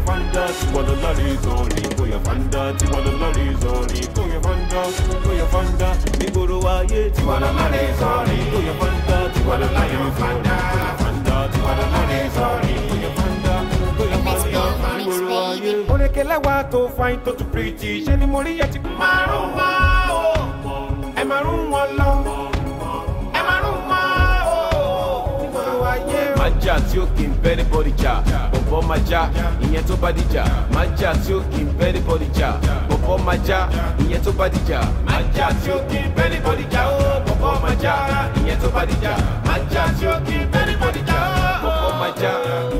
ya fanda Tiwala lali zoni Ko ya fanda Tiwala lali zoni Ko ya fanda Ko ya fanda Migoro wa ye Tiwala lali zoni Ko ya fanda Tiwala lali fanda Ko ya fanda Tiwala lali zoni Ko ya fanda Ko ya fanda Migoro wa ye Olekela wa to fine to to pretty Sheni mori ya ti Marumba Ẹ máa rún wọn máa jà tí ó kì í bẹ́ ní bọ́dì jà bọ̀bọ̀ máa já ìyẹn tó bá dìjà máa jà tí ó kì í bẹ́ ní bọ́dì jà bọ̀bọ̀ máa já ìyẹn tó bá dìjà máa jà tí ó kì í bẹ́ ní bọ́dì jà ó bọ̀bọ̀ máa já ìyẹn tó bá dìjà máa jà tí ó kì í bẹ́ ní bọ́dì jà ó bọ̀bọ̀ máa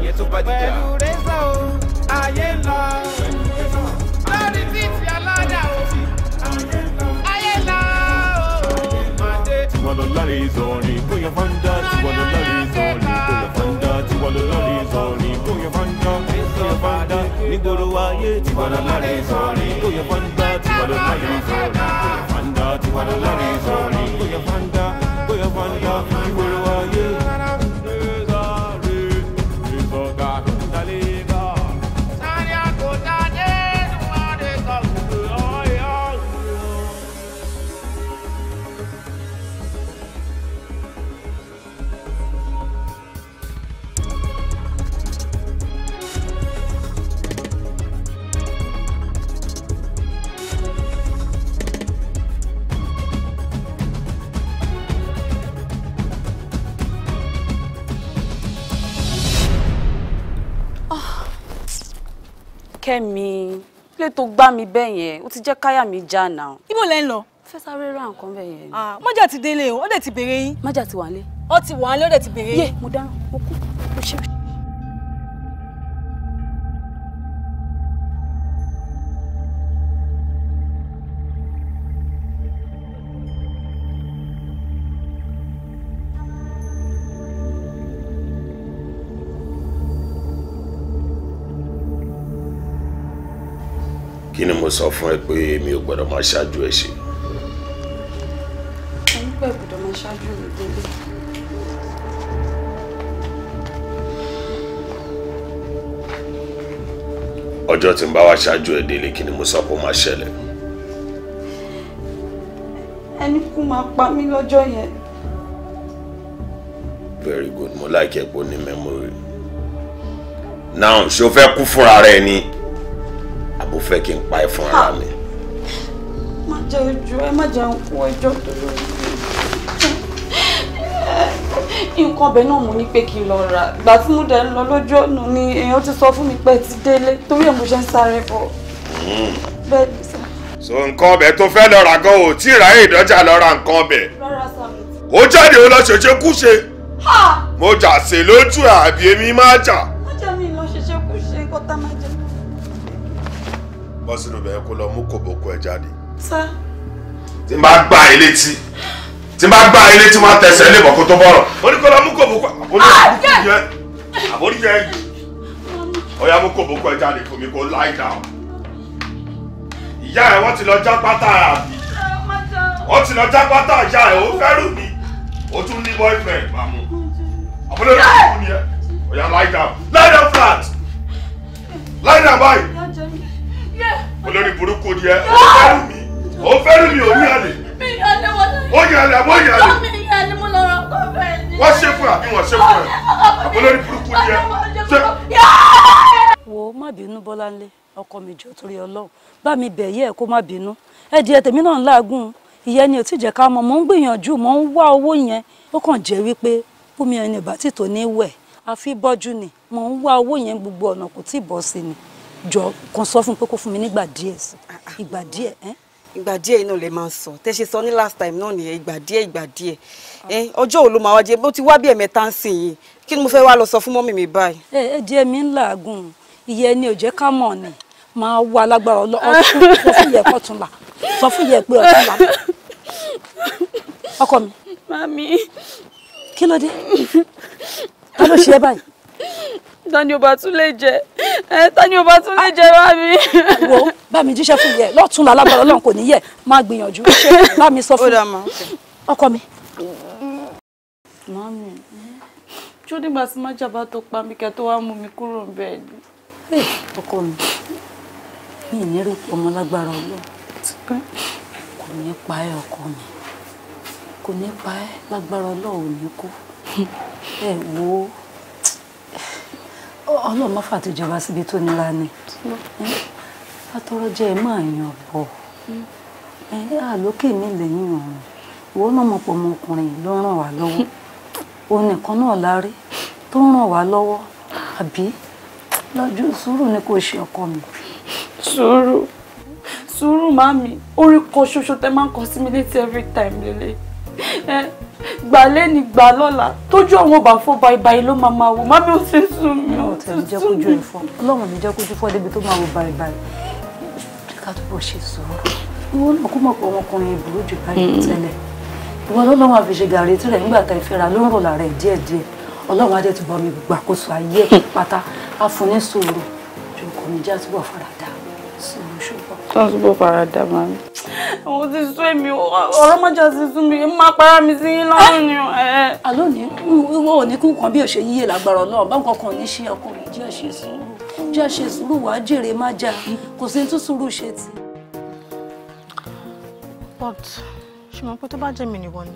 ìyẹn tó bá dìjà. pẹ̀lú rẹ́sà o ayé lọ tiwọn lọ lárí ìzọrin bóyá fáńdà tiwọn lọ lárí. nígboro ayé tiwa lọ́lọ́rin sọ̀rin ó yẹ fanda tiwa lọ́lọ́rin sọ̀rin ó yẹ fanda tiwa lọ́lọ́rin sọ̀rin ó fanda ó yẹ fanda nígboro. Kẹ́mi ilé tó gbá mi bẹ́ẹ̀ yẹn ó ti jẹ́ káyà mi já náà. ibo lẹ ń lọ. fẹ́ sáré ra nǹkan bẹ́ẹ̀ yẹn. Ah, májà ti délé o ó dẹ̀ ti béèrè yín. májà ti wà ń lé. ó ti wà ń lé ó dẹ̀ ti béèrè yín. yé mo dáná mo kú. kí ni mo sọ fún ẹ pé mi ò gbọ́dọ̀ máa ṣáájú ẹ ṣe. ẹni pé gbọ́dọ̀ máa ṣáájú mi délé. ọjọ́ tí n bá wá ṣáájú ẹ délé kí ni mo sọ pé ó máa ṣẹlẹ̀. ẹni kú máa pa mí lọ́jọ́ yẹn. very good mo láìkẹ́ pé ó ní memory. now ṣé o fẹ́ kú fúnra rẹ ni fẹ́ kí n pa ẹ fún ara mi. má jẹ ojú ẹ má jẹ nkú ẹjọ́ tó lórí nǹkan ọbẹ̀ náà mo ní pé kí n lọ rà ìgbà tí mo dẹ̀ ń lọ lójú ọ̀nà ni èèyàn ti sọ fún mi pé ti délé torí ẹ̀ mo ṣe ń sáré bọ̀. Hmm. bẹ́ẹ̀ ni sá. so nǹkan ọbẹ̀ tó fẹ́ lọ gan o tí ìráyè ìdọ́jà lọ nǹkan ọbẹ̀. rárá sá mi. ó jáde ó lọ ṣèṣe kúṣe. mo jà sí lójú àbí èmi máa jà. bọ́ sínú ibẹ̀ kó lọ mú kòbókò ẹ jáde. sá. tí n bá gbá ẹ létí tí n bá gbá ẹ létí wọn tẹsẹ̀ lé bọ̀ kó tó bọ̀rọ̀. ó ní kó lọ mú kòbókò àbórí yẹ ah, àbórí yẹ yìí ó yá mú kòbókò ẹ jáde fún mi kó lie down. ìyá ẹ wọ́n ti lọ já pátá àbí wọ́n ti lọ já pátá ìyá ẹ ó fẹ́rù mi ó tún ní boyfriend màmú àbúrò rẹ̀ kò ní ẹ ó yá lie olórí burúkú díẹ̀ ó ah! fẹ́rù mi ó fẹ́rù mi ò ní àlè ó yẹ àlè àbó yẹ àlè wọ́n ṣe fún àbí wọ́n ṣe fún ẹ olórí burúkú díẹ̀ ṣe. wo má bínú bọ́láńlé ọkọ mi jọ torí ọlọ́run bá mi bẹ̀ yẹ kó má bínú ẹ̀dìyẹ tèmi náà ń làágùn ìyẹn ni ò tí jẹ́ ká mọ̀ mò ń gbìyànjú mò ń wá owó yẹn ó kàn jẹ́ wípé fún mi ẹni ìbátí tó ní wẹ̀ àfi bọ́jú ni mò ń wá owó yẹn gbogbo ọ̀nà kò tí ì bọ́ sí ni jọ kan sọ fún pé kó fún mi nígbà díẹ̀ sí ah, ah. ìgbà díẹ̀ ẹ́. ìgbà díẹ̀ iná lè máa sọ tẹ́ ṣe sọ ní last time náà nìyẹn ìgbà díẹ̀ ìgbà díẹ̀ ah. ẹ ọjọ́ òru màá wá jẹ bó ti wá bí ẹ̀mẹ́ta ń sìn yìí kí ni mo fẹ́ wá lọ sọ fún mọ́mì mi báyìí. ẹ ẹ díẹ̀ mi ń làágùn ìyẹn ni ò jẹ́ ká mọ̀ ni máa wá lágbára ọtún sọ fún yẹ kọ́tún là sọ fún yẹ pé ọtún là ọkọ mi. mami. kí ló dé ta ló ṣe é báyìí tani ọba tún lè jẹ ẹ eh, tani ọba tún lè jẹ bá mi. wo bá mi jíṣẹ́ fún yẹ lọ́tún lálágbára ọlọ́run kò ní yẹ máa gbìyànjú ṣe bá mi sọ fún ọkọ mi. màmí tí ó dìgbà tí má jàbá tó pa mí kẹ tó wá mú mi kúrò bẹ́ẹ̀ ni. Eh, ọkọ mi mi ì ní rí ọmọ lágbára ọlọ́run kò pa ẹ́ ọkọ mi kò ní pa ẹ́ lágbára ọlọ́run ò ní kú wo ọlọ́run má fàtìjọba síbi tó nílá ni atọ́rọ́jẹ́ ẹ máa yan bọ̀ àlókè hmm. mi lẹ́yìn ọ̀run ìwọ náà mọ̀ pọ̀ ọmọkùnrin ló ràn wá lọ́wọ́ òun nìkan náà lárí tó ràn wá lọ́wọ́ àbí lọ́jọ́ sùúrù ni kò ṣe ọkọ mi. sùúrù sùúrù màmí orí kan ṣoṣo tẹ máa ń kọ sí mi létí every time lélẹ̀ gbà ni gbà lọ́la tójú àwọn ọba fọ́ báibái ló máa máa wò má bí ó ṣe ń sún mi ó ti sún mi. ọlọ́run mi jẹ́ kójú fọ́ débi tó máa wò báibái ká tó bọ̀ ṣe sọ̀rọ̀ ìwọ náà kó mọ̀ pé ọmọkùnrin ìbúrò jù báyìí mm. tẹ́lẹ̀ ìwọ lọ́lọ́run àfiṣe gàrí tí rẹ̀ nígbà tá ìfẹ́ra ló ń rò lára ẹ̀ díẹ̀díẹ̀ ọlọ́run á tó ń túbọ̀ fara dà máa mi. àwọn ti sún èmi ọ̀rọ̀ mọ́jà ti sún mi máa para mi sí yín lọ́rùn ni. àlọ́ ni wọ́n ò ní kú kan bí òṣè yíyẹ lágbára náà báwọn kan ní ṣe ọkùnrin jẹ́ ṣe sùúrù jẹ́ ṣe sùúrù wàá jèrè má jà kò sí tún sùúrù ṣe ti. but ṣùgbọ́n pé tó bá jẹ́ mi nìwọ ni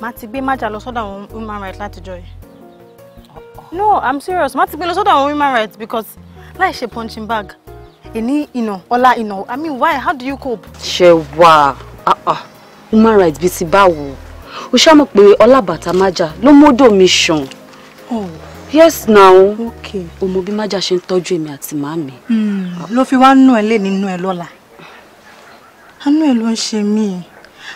màá ti gbé májà lọ sọ́dọ̀ àwọn human rights látijọ́ yìí. no i'm serious màá ti gbé lọ sọ́dọ̀ àwọn human rights because láì ṣe punching bag Any, you know, ina, you know. I mean why? How do you cope? Shewa, ah ah, human rights bíi ti báwo? O ṣá mọ̀ pé ọlábàtà májà ló mọ́dọ̀ mi ṣàn. Oh. Yes now. Okay. Ọmọ bí májà ṣe ń tọ́jú èmi àti màmí. Hmm, ló fi wá nù ẹ́ lé nínú ẹ lọ́la. Àánú ẹ ló ń ṣe mí.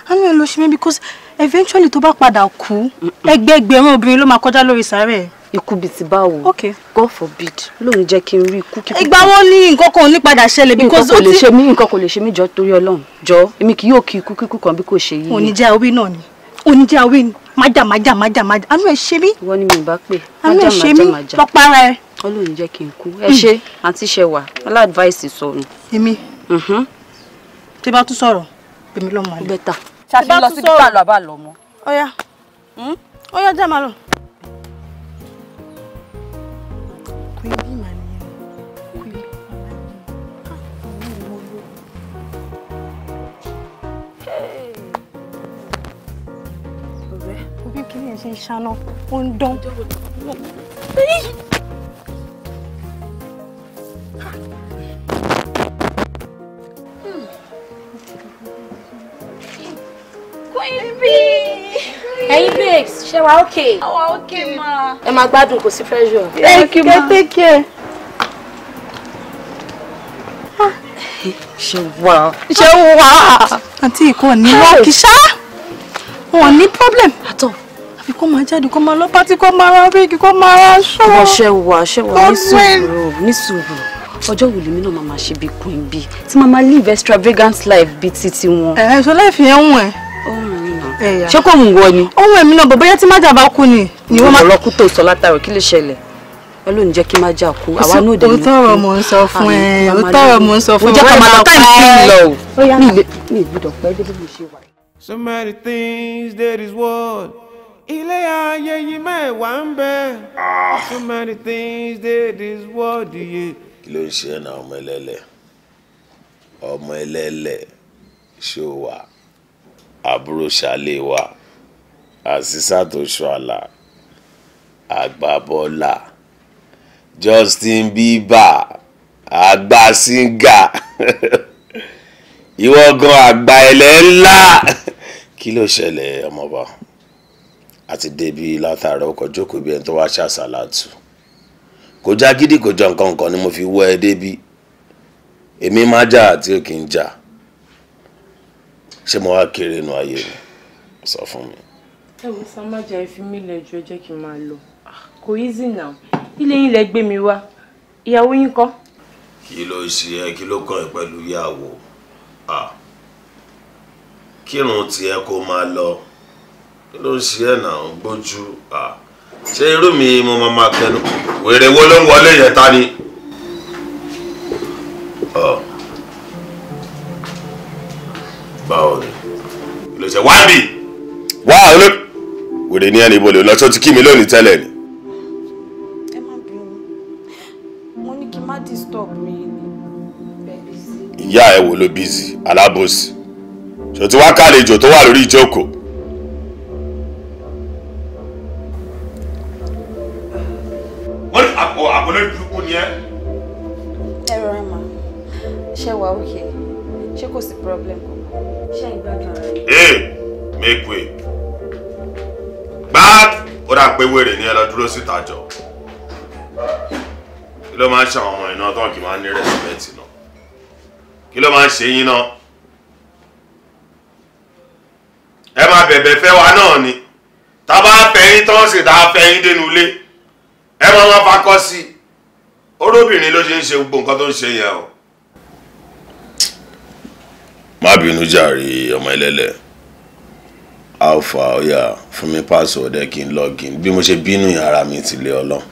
Àánú ẹ ló ṣe because eventually to bá padà ku. ẹgbẹ́ ẹgbẹ̀rún obìnrin lo máa kọjá lórí sàárẹ̀ ikú bíi ti báwo okay. god forbid lóun jẹ́ kí n rí ikú kíkú. ìgbà wo ni nǹkan kan ò ní padà ṣẹlẹ̀ because ó ti. nǹkan kò lè ṣe mí nǹkan kò lè ṣe mí jọ torí ọlọ́run jọ èmi kì yóò kí ikú kíkú kan bí kò ṣe yìí. òní jẹ́ àwí náà ni òní jẹ́ àwí ni májà májà májà májà àánú ẹ̀ ṣe mí. ìwọ ni mi bá pè májà májà májà lọ́pàá rẹ̀. ọlọ́run jẹ́ kí n kú ẹ ṣe àǹtí ṣẹwà aládìváìsì sọnù. èmi mhm. tí bá tún sọ̀rọ̀ èmi lọ síbi yẹn ṣe ń ṣáná ó ń dán. ẹ̀yin babes ṣe wa okay. àwa okay ma. ẹ máa gbádùn kò sí pressure. thank you ma take care. ṣe wà ṣe wà. àti ìkànnì wọ́ọ̀kì ṣá wọn ní problem. àtọ̀ àbí kó máa jáde kó máa lọ pátí kó máa ra bíìgì kó máa ra aṣọ. wọ́n ṣe wà ṣe wà ní sùúrù ọjọ́ wo lèmi náà máa ṣe bíi queen bíi tí màá máa live extravagant life bíi titi wọn. ẹ ẹ sọ láìfi ẹ ń wẹ. ṣé kò ń wọ ni. ohun èmi náà bọ̀bọ́yá tí májà bá kú ni. ọlọ́kú tó sọ látàrí kí ló ṣẹlẹ̀ ọlọ́run jẹ́ kí má kú àwa náà dẹ̀ ní. òótọ́rọ̀ mò ń ń sọ fún ẹ. things that is world ilé ayé yìí mẹ́wàá ń bẹ. Ah. so many things dey this world yìí. kí ló ń ṣe ẹ́ na ọmọ ẹlẹ́lẹ̀ ọmọ ẹlẹ́lẹ̀ ṣó wa àbúrò ṣàlẹ̀ wa àṣìṣà tó ṣọ́ọ̀là àgbàbọ́là Justin Bieber àgbà singa ìwọ gan àgbà ẹlẹ́ ńlá kí ló ṣẹlẹ̀ ọmọba àti débi látàárọ̀ ọkọ̀ jókòó ibi ẹni tó wá ṣàṣàlàtù kò já gidi kò jọ nǹkan nǹkan ni mo fi wọ́ ẹ débi èmi má jà àti òkè ń jà ṣé mo wá kéré nu ayé mi sọ fún mi. ẹ wo sàmájà ẹ fi mí lẹ́jọ́ ẹ jẹ́ kí n máa lọ ah, kò easy now ilé yín lẹ gbé mi wá ìyàwó yín kọ́. kí ló ṣe ẹ kí ló kàn ẹ pẹ̀lú ìyàwó ah, kírun tiẹ̀ kó máa lọ ló ń ṣe ẹ̀ náà ń gbójú ṣé irú mi mo máa ma kẹnu wèrè wo ló ń wọlé yẹn ta ni. báwo ni ló ṣe wá bì. wá olè wèrè ní ẹni ibo lè lọ sọ ti kí mi lónìí tẹ́lẹ̀ ni. ìyá ẹ wò ló bízì alábòsí ṣòtí wákàlejò tó wà lórí ìjókòó ṣe wà òkè ṣé kò sí problem ṣe ìgbádùn ara make way gbáàt ó dà pé wèrè ni ẹ lọ dúró síta jọ kí ló máa ń ṣe àwọn ọmọ iná tán kì máa ń ní rẹ́sìmẹ́ǹtì náà kí ló máa ń ṣe yín náà ẹ máa bẹ̀bẹ̀ fẹ́ wa náà ni tá a bá fẹ́yìn tán sì tá a fẹ́yìn dénú ilé ẹ máa máa fakọ́ sí i olóbìnrin ló ṣe ń ṣe gbogbo nǹkan tó ń ṣe yẹn o má bínú jàre ọmọ ẹlẹ́lẹ̀ alpha oya fún mi password ẹ̀ kí n login bí mo ṣe bínú ara mi ti lé ọlọ́run.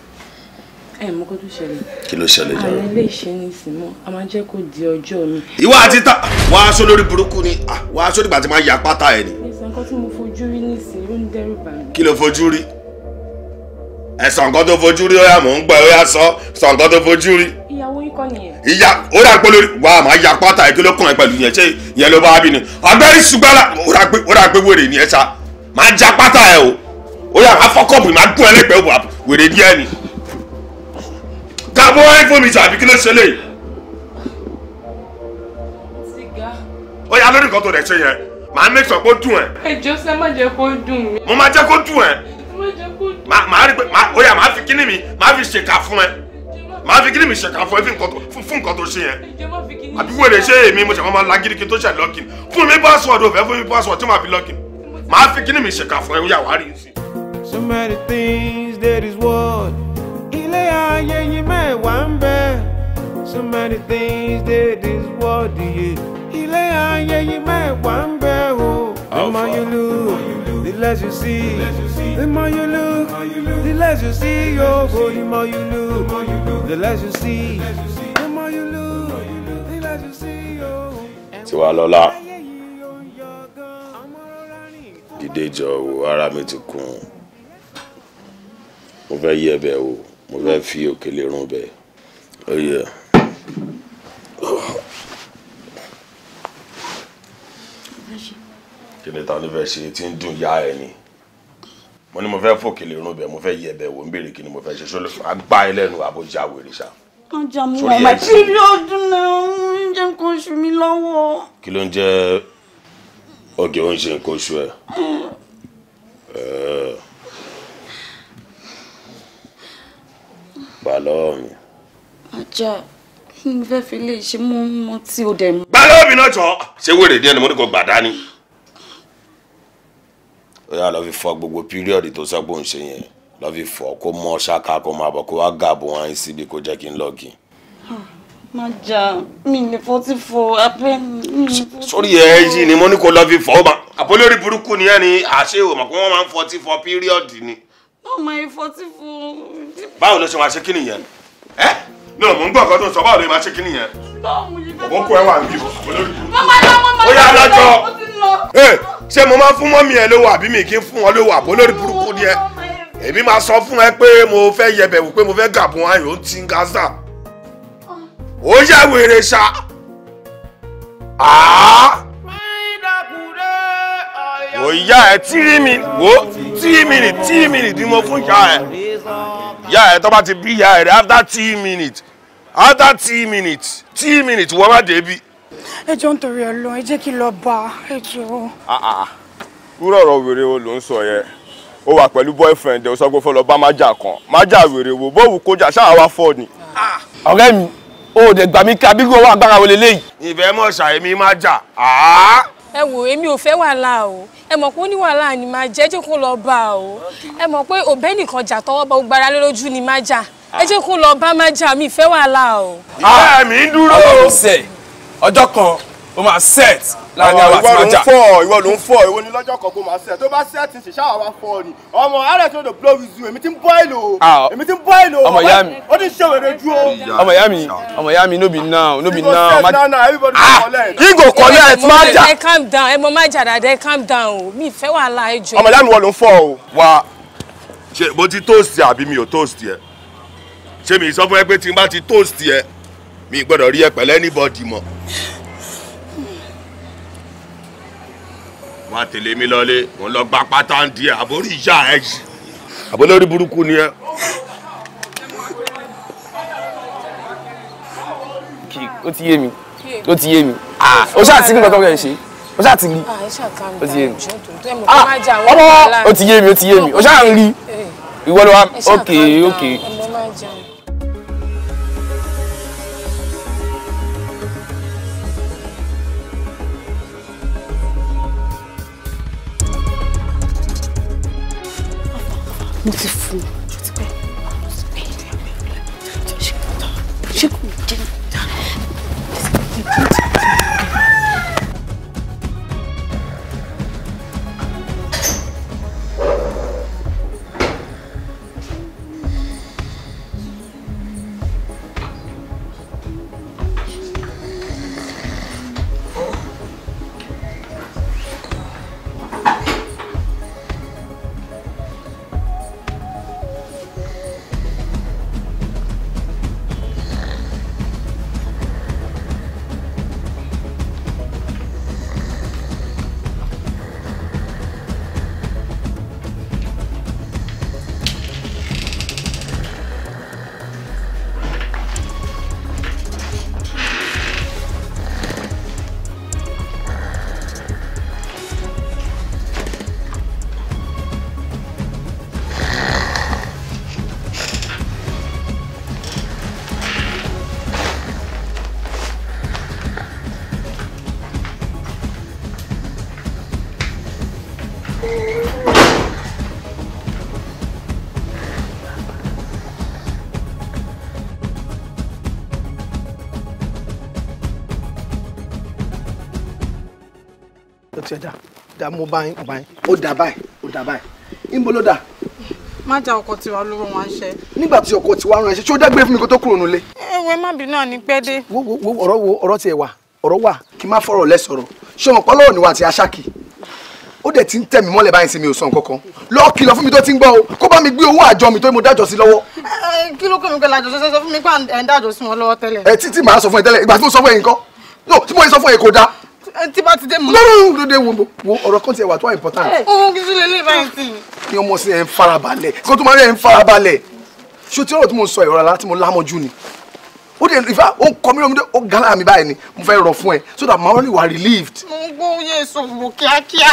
ẹ mọ kó tó ṣẹlẹ̀. kí ló ṣẹlẹ̀ jàre. àwọn ilé iṣẹ́ ní ìsìnmọ a máa jẹ́ kó di ọjọ́ mi. ìwà àti ta wà á sọ lórí burúkú ni wà á sọ nígbà tí máa yà pátá ẹ ni. ẹ̀sán kan tí mo fojú rí nísìnyí ló ń dẹ́rù bà kí ló fojú rí ẹ̀sán kan tó fojú rí ó yá mò ń gbọ́ ó yá sọ ẹ̀sán kan tó fojú rí ìyàwó yín kọ́ nìyẹn. ìyá ó dà pé lórí wàá máa ya pátá ẹ kí ló kàn ẹ pẹ̀lú yẹn ṣé yẹn ló bá bí ni abẹ́rẹ́ ṣùgbọ́n ó dà pé wèrè ni ẹ ṣá máa já pátá ẹ o ó yà máa fọkọ̀pù máa gún ẹlẹ́gbẹ̀ẹ́ wà wèrè díẹ̀ ni. dábọ̀ ẹ fún mi tàbí kí ló ṣe lè. ó yà lórí nǹkan tó rẹ̀ ṣe yẹn màá mẹ́sàn án kó dùn ẹ̀. ẹ jọ sẹ́ má jẹ́ kó dùn mí. mo máa jẹ́ kó dùn ẹ̀. má jẹ́ kó dùn. màá rí pé ó yà máa fi kíní mi máa fi ṣèkà fún ẹ máa fi kíní mi ṣẹ̀ka fún ẹbí fún nǹkan tó ṣe yẹn àbí wèrè ṣé èmi mo ṣàwọn máa la gírí kí n tó ṣe lọ́kìn fún mi password ò fẹ́ fún mi password tí màá fi lọ́kìn máa fi kíní mi ṣẹ̀ka fún ẹ̀yà wárí sí. so many things that is world ilé ayé yìí mẹ́wàá ń bẹ so many things that is world ilé ayé yìí mẹ́wàá ń bẹ o. The more you look, the less you see. The more you look, the less you see. Oh, oh the more you look, the less you see. The more you look, the less you see. Tiwa Lọlá dìde jọ wo ara mi ti kún mo fẹ́ yí ẹ̀bẹ̀ wò mo fẹ́ fi òkèlè rún bẹ́ẹ̀ Oh yeah. kílẹ̀ ta ló fẹ́ ṣe tí ń dùn yá ẹ ni mo ní mo fẹ́ fòkèlè irun bẹ̀ mo fẹ́ yẹ bẹ̀ wò ń béèrè kí ni mo fẹ́ ṣe ṣó ló máa gbá ẹ lẹ́nu àbójà wèrè ṣá. ọjà mi wà máa kí lóòdùn náà ń jẹ́ nǹkan oṣù mi lọ́wọ́. kí ló ń jẹ́ oge ó ń ṣe nǹkan oṣù ẹ. gbà lọ́wọ́ mi. ajá n fẹ́ fi lè ṣe mú mọ́ tí o dẹ̀ mú. gbà lọ́wọ́ mi náà jọ ṣé wèrè díẹ̀ ni mo ní kò gbà dání ó yà lọ́ fi fọ gbogbo píríọ̀dì tó sọ pé òun ṣe yẹn lọ́ fi fọ kó mọ ṣáka kó máa bọ̀ kó wá gàbó wọn á síbi kó jẹ́ kí n lọ́ọ̀gì. Ah, má jà mí ní forty four abẹ́ mi ní forty four. sórí ẹ yìí ni mo ní kó lọ́ fi fọ ó ma àpolórí burúkú ni ẹ ní àṣẹ ìwòmọ̀ pé wọ́n máa ń forty four píríọ̀dì ni. ọmọ ẹ forty four. báwo ló ṣe wọn àṣẹ kí nìyẹn náà mò ń gbọ́ ọ̀kan tó ń sọ báwo ló máa ṣe kí nìyẹn. ọ̀bọ̀n kú ẹ wà níbí olórí kú. ó yà lọ́jọ́ eh, ṣé mo máa fún mọ́mí ẹ lówó àbí mi kì í fún wọn lówó àbó lórí burúkú ni ẹ èmi máa sọ fún ẹ pé mo fẹ́ yẹbẹ̀ wò pé mo fẹ́ gàbọ̀n ayò ń ti gaza ah. ó yà wèrè ṣá. ó yà ẹ tírí mi wò tírí mi nì tírí mi nì ni mo fún ìyá ẹ ìyá ẹ tó bá ti bí ìyá ẹ rẹ after three minutes after three minutes three minutes wọ́n bá débi. ẹ jọ ń torí ẹ lọ ẹ jẹ́ kí n lọ bá ẹ jọ. wúrọ̀ ah, ah, ah. ọ̀rọ̀ wèrè wo ló ń sọ yẹn ó wà pẹ̀lú boyfriend ẹ̀ ó sọ pé fọlọ́ bá májà kan májà wèrè wo bóòwù kọjá ṣáà wá fọ́ ni. ọ̀rẹ́ mi o dẹ̀ gbà mí ká bígbó wà gbára wọlé léyìí. ìfẹ́ mọ̀ ṣàyẹ̀mí májà. ẹ wò èmi ò fẹ́ wàhálà o ẹ mọ̀ pé ó ní wàhálà ni máa jẹ́ jẹ́ kó lọ bá o ẹ mọ̀ pé òbẹ́ nìkan jà tọwọ́ bá gbára lójú ni májà ẹ jẹ́ kó lọ bá má jà mí ìfẹ́ wàhálà o. ìyá mi ń dúró. ọjọ́ sẹ̀ ọjọ́ kan ó máa set láàrin àwọn àti máa jà. ìwọ ló ń fọ ìwọ ló ń fọ ìwọ ni lọ́jọ́ kan kó máa set tó bá set ń ṣe ṣáà wá fọ ni ọmọ rs no dey blow whistle èmi ti ń boil o ah, èmi ti ń boil o ọmọ ìyá mi ó ti ń ṣe wèrè ju o. ọmọ ìyá mi ọmọ ìyá mi no be now no be now ma ah igo collect ma jà. ẹ calm down ẹ mọ má jà dáadáa ẹ calm down o mi ìfẹ́ wàhálà ẹ jọ. ọmọ ìyá mi wọ ló ń fọ o. wa ṣe mo ti toast àbí mi ò toast yẹn ṣé mi sọ fún ẹ pé tí n bá ti toast ẹ mi gbọ́dọ̀ rí ẹ pẹ̀lú anybody mọ́. wọ́n á tẹ̀lé mi lọ́lé wọ́n lọ gba pátá ń di àbórí ìyá ẹ yìí. àbólórí burúkú ni ẹ. ó ti yé mi ó ti yé mi ah, ó ṣáà ti ní nǹkan tó ṣe ó ṣáà ti rí ah, ó ti yé mi ah, ọmọ ó ti yé mi ó ti yé mi ó ṣáà ń rí eh. ìwọ ló wá c'est fou. ti ẹja da mo bá yín bá yín ó dà báyìí ó dà báyìí níbo ló dà. má ja ọkọ tiwa ló rán wa ṣe. nígbà tí ọkọ tiwa rán ṣé ó dágbére fún mi kó tó kúrò nílé. ewé má bínú àní pẹ́ dé. wo wo wo ọ̀rọ̀ wo ọ̀rọ̀ tiẹ̀ wa, ọ̀rọ̀ wa. kí n má fọ̀rọ̀ lẹ́sọ̀rọ̀ ṣé ọmọ pọ́lọ́wọ́ ni wà àti aṣáàkì ó dẹ̀ ti ń tẹ̀ mí mọ́lẹ̀ báyìí sí mi ò sàn kankan lọ́ọ́ kìlọ̀ fún mi tó ti ń gbọ́ o kó bá mi gbé owó àjọ mi tó mo dájọ́ sí lọ́wọ́. kí ló kọ́ mi pẹ̀lú àjọṣe sọ fún mi pé ẹ̀ ń dájọ́ sí wọn lọ́wọ́ tẹ́lẹ̀. ẹ títí màá sọ fún ẹ tẹ́lẹ̀ ìgbà tí mo sọ fún ẹ nǹkan no tí mo yẹ sọ fún ẹ kò dáa tí bá ti dé mú. lọ́rùn lóde wo wo ọ̀rọ̀ kan ti wà tó wà important. ohun kí ọmọ ó dẹ̀ ìfá ó ń kọ mí lómi dé ó gálà mi báyìí ni mo fẹ́ rọ̀ fún ẹ so that màá wọlé wà relieved. mo gbóyè oh, sọ̀rọ̀ kíákíá.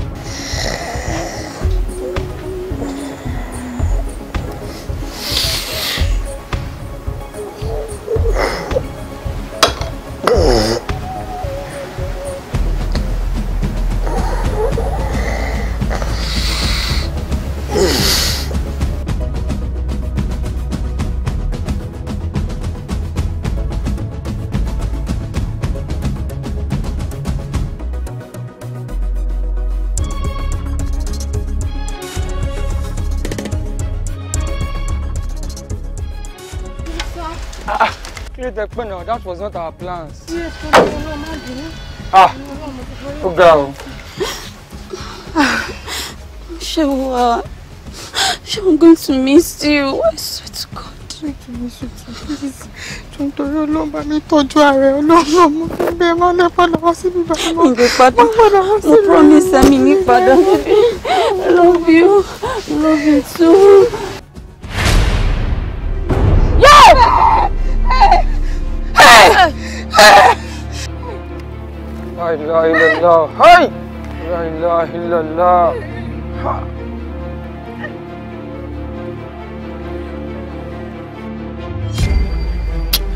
eléyìí tẹ pé that was not our plans. ah ó oh, ga o. Shewa, Shewa, I'm going to miss you. I swear to God. Try to miss you too, please. Don't worry, Ọlọ́run bá mi tọ́jú ààrẹ Ọlọ́run mo fi ń bẹ́ẹ̀ máa lẹ́pọ̀ lọ́wọ́ sí mi báyìí. Mo gbé padà. Mo padà wá sí mi. Mo promise mi ní padà. I love you. I love you too. ilaha illallah hay la ilaha illallah ha.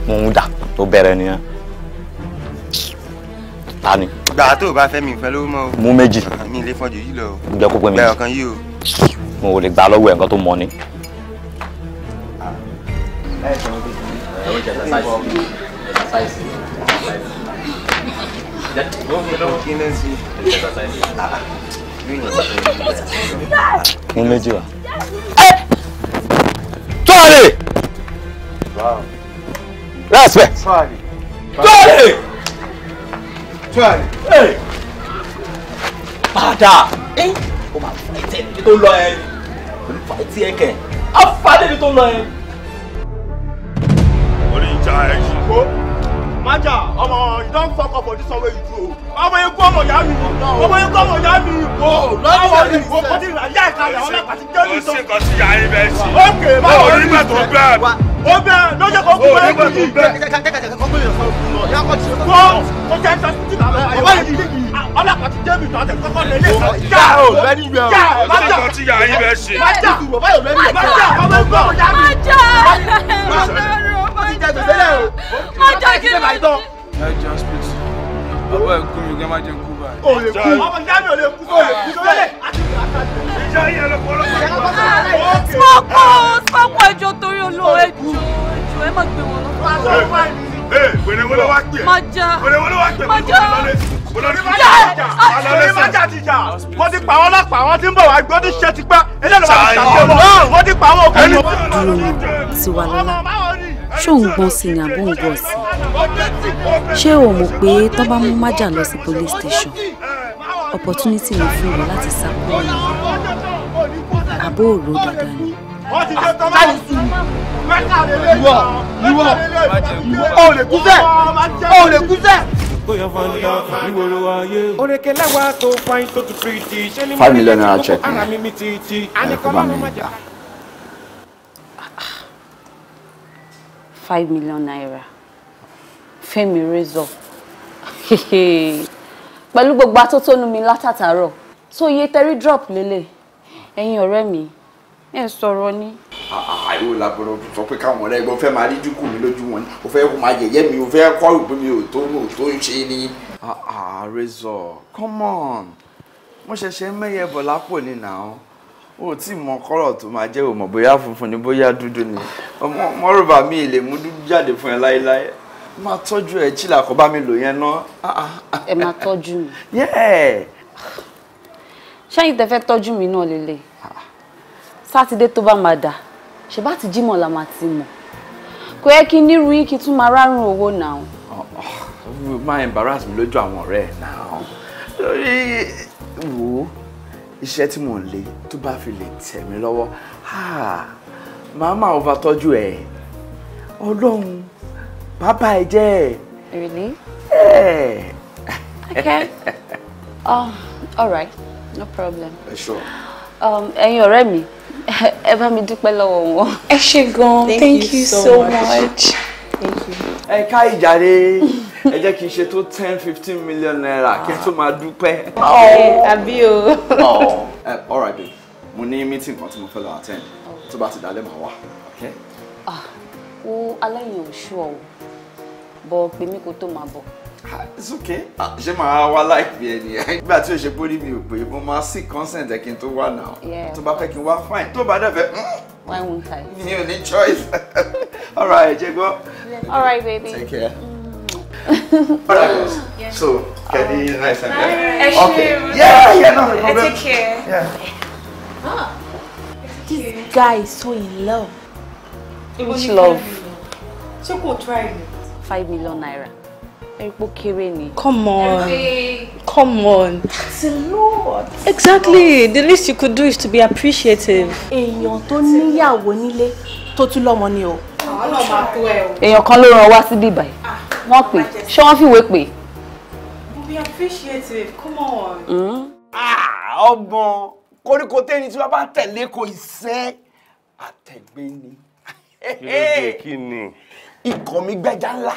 mo ń dà tó bẹ̀rẹ̀ nìyẹn ta ni. gbà tó o bá fẹ́ mi fẹ́ ló mọ́ o. mú méjì. mi ilé fọ́jú yìí lọ. ǹjẹ́ kó pé méjì. bẹ́ẹ̀ ọ̀kan yìí o. mo ò lè gbà lọ́wọ́ ẹ̀ nǹkan tó mọ ni. ẹ ẹ sọ wọn bí ẹ ẹ wọ́n jẹ ẹ̀sásáìsì ń lójú wa. tọ́ọ̀lì respect tọ́ọ̀lì tọ́ọ̀lì padà ó máa fa ẹtẹ níbi tó lọ ẹ olùfà ẹtì ẹkẹ á fa níbi tó lọ ẹ. oníjà ẹ̀ṣin kó májà ọmọ you don't fuck up for this one where you do o ọmọ yẹn kú ọmọ ìyá mi ọmọ yẹn kú ọmọ ìyá mi ìbò ọmọ mi ìbò kò tí ì rà yá ìkàlẹ̀ ọ̀la pàtí jẹ́rìí tó. ó sì kàn sí ìyá yín bẹ́ẹ̀ sí. ókè má wọ orí mẹ́tò bẹ́ẹ̀. ó bẹ́ẹ̀ lọ́jọ́ kan kú bẹ́ẹ̀ kú yìí. kó kó jẹ́ jọ sí ìlànà àyẹ̀wò yìí ọ̀la pàtí jẹ́rìí tó àtẹ̀ kọ́kọ́ lẹ́lẹ́ ìjà ò bẹ́ẹ̀ ni bẹ́ẹ̀ o. ó sì kàn sí ìyá yín bẹ́ẹ̀ sí. májà májà ọmọ ìbò ó ti jẹ gbèsè lẹ o. ó jẹ kí ló dé. ẹ jẹ́ hospital bàbá ẹ̀ kú mi gẹ́gẹ́ má jẹ́ kú báyìí. o lè kú ọmọ ìyá mi ò lè kú sóòlè kú sóòlè. ìjà yẹn lọ pọ̀ lọ́pọ̀. smoke smoke ẹjọ́ torí olówó ẹjọ́ ẹjọ́ ẹ má gbé wọn lọ. ee wẹ̀rẹ̀ wọlé wá pè é wẹ̀rẹ̀ wọlé wá pè é mo lọ ní májà ti jà mo ti pa wọn lọ́pàá wọn ti ń bọ̀ wá gbé ó ti ṣe tipẹ́ eléyìí ló máa ti ṣàkóso mo ti pa wọn òkú. dúró tiwa lọ́la ṣóun gbọ́nsìn ni àbóun gbọ́nsìn ṣé o mọ̀ pé tó bá mú májà lọ sí police station opportunity ni fún ìwọ láti sá kúrò ní àbó òró dáadáa ni. Táyì sí i. Ìwọ kú sẹ́ ò lè kú sẹ́. Five million naira check. Ẹ kó bá mi gbà. five million naira Femi Razor pẹ̀lú gbogbo atótónu mi látàtàárọ̀ so iye tẹrí drop lélẹ̀ ẹ̀yin ọ̀rẹ́ mi ẹ sọ̀rọ̀ ni. àìwò làbọ̀rọ̀ sọ pé káwọn ọ̀rẹ́ ẹgbọ́n fẹ́ máa rí dínkù mi lójú wọn o fẹ́ máa yẹ̀yẹ́ mi o fẹ́ kọ́ ìpín mi ò tó ò ṣe ni. Razor come on mo ṣẹ̀ṣẹ̀ mẹ́yẹ̀ bọ̀ lápò ni now o tí mọ kọ́rọ̀ tó máa jẹ́ òmọ̀ bóyá funfun ni bóyá dúdú ni ọmọ mọ́rùbá mi lè mú dúdú jáde fún ẹ láéláé máa tọ́jú ẹ chila kó bá mi lò yẹn ná. ẹ máa tọ́jú mi. ṣẹ́yìn tẹ fẹ́ tọ́jú mi náà lélẹ̀ sátidé tó bá máa dà ṣe bá ti jímọ̀ la máa ti mọ̀ kò yẹ kí nírú yín kí tún máa rárùn owó náà. máa embarrass mi lójú àwọn ọ̀rẹ́ náà lórí wò ó iṣẹ́ tí mò ń lé tó bá fi lè tẹ̀ mí lọ́wọ́ màá máa ò bá tọ́jú ẹ̀ ọlọ́run bàbá ẹ jẹ́ ẹ̀. Really? Yeah. Okay. um, all right. No problem. Sure. Um, ẹ̀yin ọ̀rẹ́ mi, ẹ bá mi dúpẹ́ lọ́wọ́ wọn. Ẹ ṣé gan Thank you so much. Thank you. Ẹ ká ìjà re ẹ jẹ́ kí n ṣe tó ten fifteen million naira kí n tó máa dúpẹ́. àbí o. all right babe mo ní meeting kan tí mo fẹ́ lọ attend tó bá ti dalẹ̀ máa wà. wo aláìyàn ò ṣú ọ pé mi kò tó máa bọ̀. it's okay ṣé màá wá láìpẹ́ ẹni ẹ nígbà tí o ṣe pórí mi ò pé mo máa sí consent ẹ kí n tó wà náà tó bá fẹ́ kí n wá fine tó bá dẹ̀ hmm. Why won't I? You need choice. All right, Jago. All right, baby. Take care. Mm. Paragons. Yeah. So, can um, be nice and nice. Yeah? Okay. Yeah, yeah, no, no problem. Take care. Yeah. Huh. Ah. This guy is so in love. Which love? So go try it. Five million naira. Eripo kere ni. Come on. Come on. It's a lot. Exactly. The least you could do is to be appreciative. Èèyàn tó níyàwó nílé tó tún lọ́mọ ni o. Àwọn náà máa tó ẹ o. Èèyàn kan ló ràn wá síbí wọ́n pè ṣé wọ́n fìwé pè. we Be appreciative. come on. Hmm? Ah, ọgbọ́n koríko tẹ́ni tí wọ́n bá tẹ̀lé kò iṣẹ́ àtẹ̀gbẹ́ ni. kí ló dé kí ni. ikọ̀ mi gbẹ́jà ńlá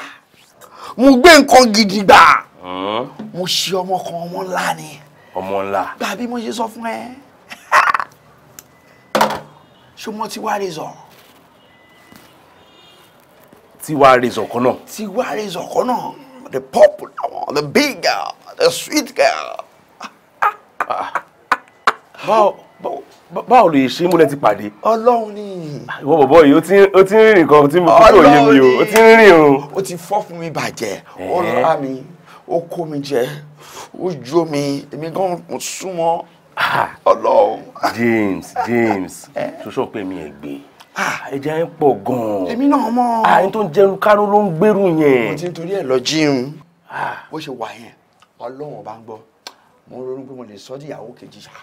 mo gbé nǹkan gidi gbà hmm? mo ṣe ọmọ kan ọmọ ńlá ni. ọmọ ńlá. gbà bí mo ṣe sọ fún ẹ ṣé mo ti wá rí sọ̀rọ̀ tiwa raise ọkọ náà. tiwa raise ọkọ náà the popular one the big girl the sweet girl. báwo báwo lè ṣe múlẹ̀ ti pàdé. ọlọ́run ni. ìwọ bọ̀bọ̀ yìí ó ti ń rìn nǹkan tí kò yé mi o ó ti ń rìn o. ó ti fọ́ fún mi bàjẹ́ ó rà mí ó kó mi jẹ ó jó mi èmi gan mo súnmọ́ ah. ọlọ́run. James James ṣoṣọ́ pé mi ẹ̀ gbé. Ah, ẹja yẹn pọ̀ gan-an. èmi náà mọ̀. àyìn ah, tó ń jẹnu kánú ló ń gbèrú yẹn. mo ti ń torí ẹ̀ lọ jíun ah. bó ṣe wà yẹn ọlọ́run bá ń gbọ́ mo ń ronú pé mo lè sọ ọ́ dìyàwó kejì ṣá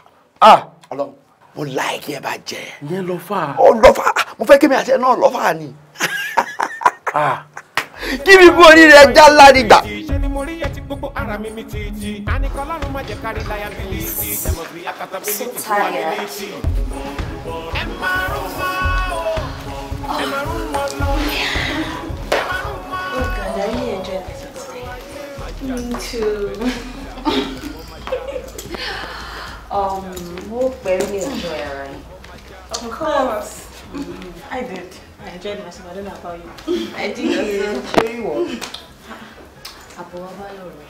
ọlọ́run mo láìkí ẹ bá jẹ. yẹn lọ fà. ó lọ fà mo fẹ́ kí mi àti ẹ náà lọ fà ni. kí mi kú orí rẹ já ládìgbà. ṣe ni mo rí yẹn tí gbogbo ara mi mi ti di. àníkọ́ ọlọ́run má jẹ́ kárí liability. bí accountability fún ẹ máa rún máa. Me too. um, more barely enjoy right? Of course. I did. I enjoyed myself. I don't know about you. I did. Sure you were. Abubaba Lori.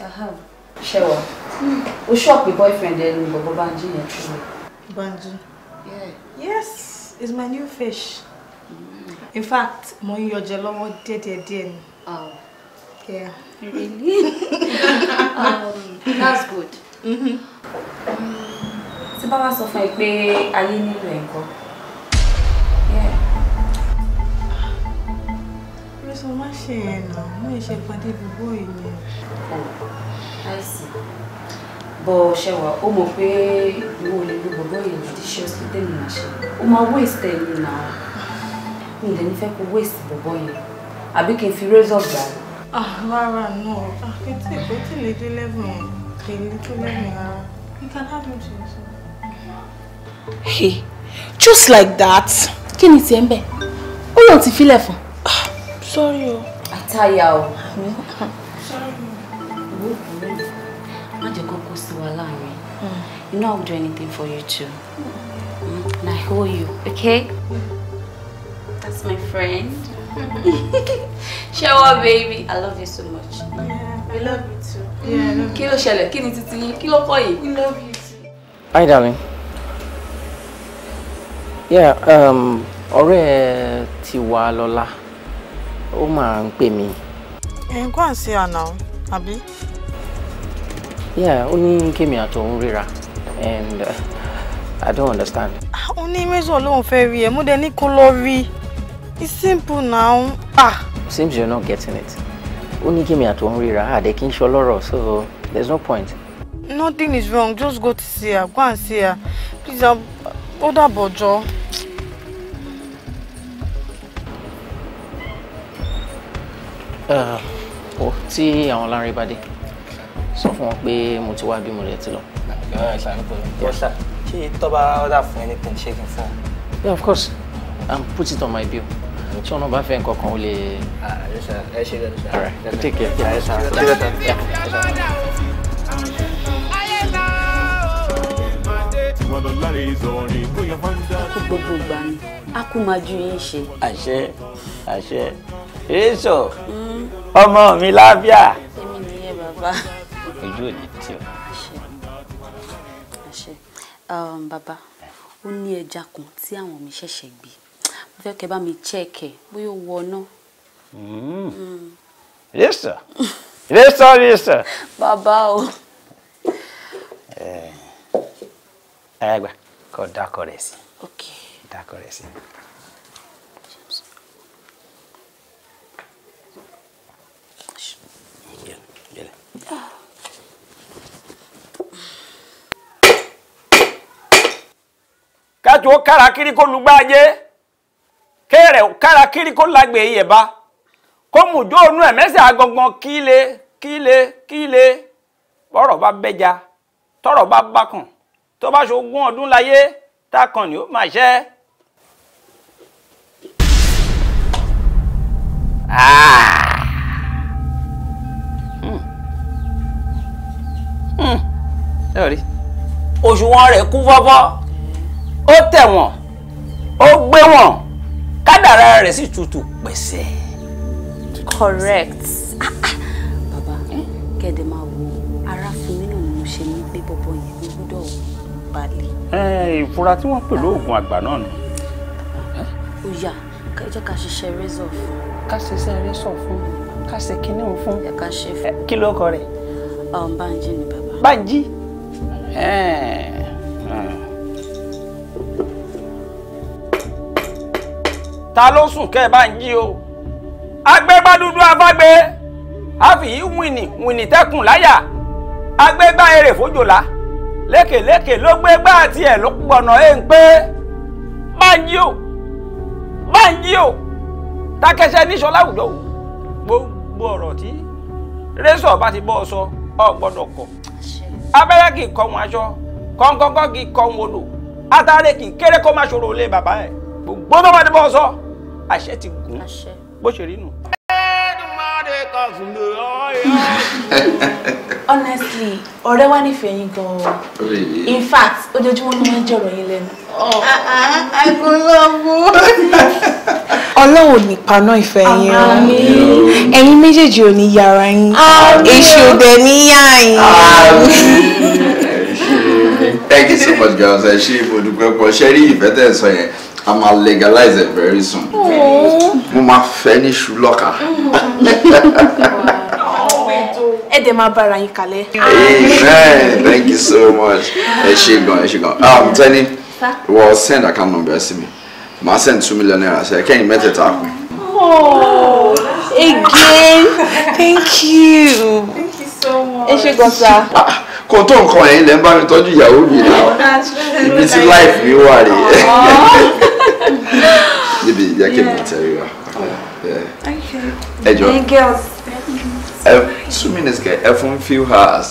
Aha. Shewa. Mm. We shop with boyfriend then Baba Banji and Banji. Yeah. Yes. It's my new fish. Mm. In fact, mo ń yọ jẹ lọ́wọ́ díẹ̀díẹ̀ ni. Oh. Yeah. Really? um, that's good. Mm-hmm. Tí bá wá sọ fún ẹ pé ayé nílò ẹ̀kọ́. Rísọ má ṣe ẹ̀nà, mú ìṣe pàdé gbogbo ìyẹn. Oh, I see bọ ṣẹwà o mọ pé ìwọ lè lo bọbọ yẹn judiciously tẹmí máa ṣe ó máa waste ẹni náà mi lè ní fẹ́ kó waste bọbọ yẹn àbí kí n fi razor gbà. Ah, rárá náà àkẹ́tì ah, kò tí lè dé lẹ́gùn yẹn kì í lè tó lẹ́gùn rárá you can have it yourself. just like that. kí ni tiẹ̀ ń bẹ̀ ó lóun ti filẹ̀ fún. Ah, sorry o. àtàyà o. You know I'll do anything for you too. Mm. And I owe you, okay? That's my friend. Shower baby. I love you so much. Yeah, I love you too. Yeah, I love you. Kí ló ṣẹlẹ̀, We love you too. Hi darling. Yeah, um, ọ̀rẹ́ tiwa Lola. lọ́la ó máa ń pè mí. see her now, àbí. yeah ó came here to ríra and uh, I don't understand. ó ní mẹ́sàn-án lòun fẹ́ rí ẹ it's simple now. Ah. seems you're not getting it ó ní kí mi àtòun ríra àdé kí n ṣe so there's no point. nothing is wrong just go to see her go and see her please ó dàbọ̀ jọ. Uh, oh, àwọn see, bá dé sọ fún wọn pé mo ti wá bí Alright, Yeah. of course. I'm put it on my bill. So no bá fẹ́ nǹkan Ah, yes sir. Ẹ ṣe sir. All right, take care. Yeah, yes sir. See you Yeah, yes sir. gbogbo ìgbà ni a kú máa ju yín ṣe. mi lábíà. èmi nìyẹn bàbá. ojú ò ní tí o. Um, Baba, ó ní ẹja kan tí àwọn mi ṣẹ̀ṣẹ̀ gbé mo fẹ́ kẹ́ bá mi chẹ́ẹ̀kẹ̀ bóyá ó wọná. Mm. Mm. yes sir yes sir yes sir. bàbá o. Eh, ẹ gbà kọ dákọ rẹ sí dákọ rẹ sí. Yeah, yeah. ṣáàtú ó kára kiri kó lugbá ajé kéèrè ó kára kiri kó lágbè yẹ̀bá kó mùjó onú ẹ̀ e, mẹ́sẹ̀ agangan kíle kíle kíle bọ́rọ̀ bá bẹ́ja tọ́rọ̀ bá bákàn tó bá ṣogún ọdún láyé tá a kàn ní ó máa ṣẹ́. Ah. Hmm. Hmm. rẹ̀ kú fọ́fọ́ ó tẹ̀ ó gbé wọ́n kádàrá rẹ̀ sì tutù pẹ̀sẹ̀. correct bàbá kẹ́dẹ̀ máa wo ara fún mi náà ni mo ṣe ní pé bọ́bọ́ yẹn mo gbọ́dọ̀ balẹ̀. ìfura tí wọ́n pè lóògùn àgbà náà ni. ó yá ká jẹ́ ká ṣiṣẹ́ rẹ́sọ̀ fún. ká ṣiṣẹ́ rẹ́sọ̀ fún ká ṣe kinní òun fún. ẹ ká ṣe fún. kí ló kọ rẹ̀. Um, bánjí ni bàbá. bánjí. ta ló sùn kẹ́ ẹ bá ń jí o agbẹ́gbá dúdú afágbé àfìyí wìnì wìnì tẹ́kùn láyà agbẹ́gbá eré fojòlá lékèlékè ló gbégbá àti ẹ̀ ló gbọ̀nà ẹ̀ ń pé bá ń jí o bá ń jí o takẹsẹ níṣọ láwùjọ o gbogbo ọ̀rọ̀ tí rẹ́sọ̀ bá ti bọ́ ọ sọ ọ gbọ́dọ̀ kọ̀ abẹ́rẹ́ kì í kọ́ wọn aṣọ kọ́ńkọ́ńkọ́ kì í kọ́ wọn odò atare kì í kéré kó má ṣòro lé bàbá ẹ̀ gbogbo bàbá ti bọ́ ọ sọ. So àṣẹ ti gùn bó ṣe rí nù. honestly ọ̀rẹ́ wa nífẹ̀ẹ́ yín gan-an in fact ojoojúmọ́ ni wọ́n ń jọ̀rọ̀ yín lẹ́nu. agolọ́wọ́. Ah, ah, ọlọ́run ní ìfẹ́ yín o ẹ̀yin méjèèjì ò ní yára yín èṣù dẹ̀ ní yá yín. thank you so much girls ẹ ṣe ibodùpẹ́ pọ̀ ṣẹ́rí ìfẹ́ tẹ̀ sọ yẹn I ma legalize it very soon. Mo ma finish ní ṣùlọ́kà. Ẹ dẹ̀ máa bára Amen. Thank you so much. Ẹ ṣe gan, ẹ ṣe gan. Um, Tẹ́ni, Well, send account number sí me. Màá send two million naira you make kẹ́yìn mẹ́tẹ̀ẹ̀ta Oh, Again, thank you. Thank you so much. Ẹ ṣe gan sa. Ah, kò tó nǹkan ẹ̀yin lẹ́ ń bá mi tọ́jú ìyàwó mi náà. Oh, Ibi tí life you worry níbi ìyá kẹ́mi tẹ̀lé wa. ẹ jọ ẹ two minutes kẹ everyone feel few hours.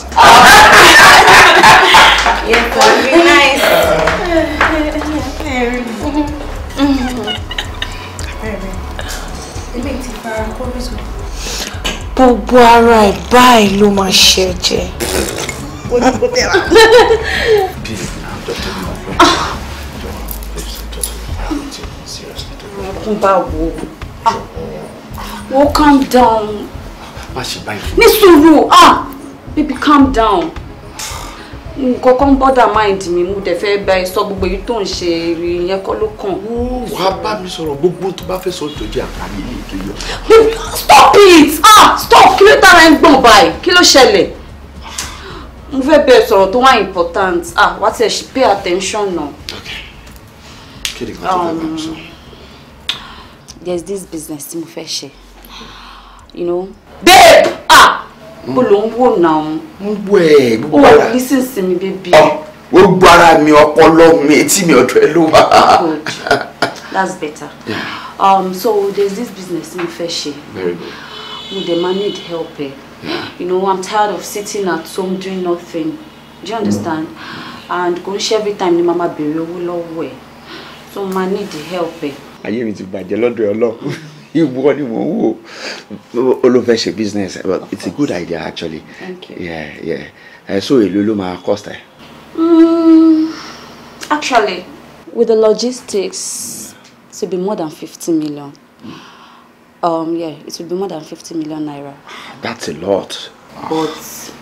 yẹ kò rí nice. gbogbo ara ẹ̀ báyìí ló máa ṣe ẹ̀jẹ̀. bí i náà dọ́kítà náà fẹ́. ẹkún bá wo ah, wo calm down. má ṣe báyìí. ní sùúrù ah baby calm down nǹkan kan bọ́dà mind mi mo dẹ̀ fẹ́ bá ẹ sọ gbogbo èyí tó ń ṣe rí yẹn kọ́ ló kàn. wà á bá mi sọ̀rọ̀ gbogbo tó bá fẹ́ sọ tó jẹ́ àkàlẹ́ ilé tó yọ. stop it ah stop kí ló tara ẹ ń gbọ̀n báyìí kí ló ṣẹlẹ̀ mo fẹ́ bẹ̀rẹ̀ sọ̀rọ̀ tó wá important ah wá tiẹ̀ pay attention náà. ok kí ni kan tó fẹ́ bá mi sọ. Um, there's this business tí mo fẹ́ ṣe you know. babe ah mm. mo ló ń wò náà. ń wò ẹ gbogbo ara o nísinsìnyí bébí. ó ah, gbọ́ ara mi ọpọlọ mi etí mi ọ̀dọ̀ ẹ oh, that's better yeah. um, so there's this business tí mo fẹ́ ṣe mo dey ma need help eh? yeah. you know i'm tired of sitting at home doing nothing do you understand mm. and go ń every time ni mama béèrè owó lọ́wọ́ ẹ so ma need help Eh ayé mi ti bàjẹ́ lọ́dọ̀ ọlọ́run ìwọ ni mò ń wò ó ló fẹ́ ṣe business but it's a good idea actually yeah yeah uh, so èlò ló máa cost ẹ. Hmm, actually with the logistics it will be more than fifty million. Um, yeah, it will be more than 50 million naira. That's a lot. But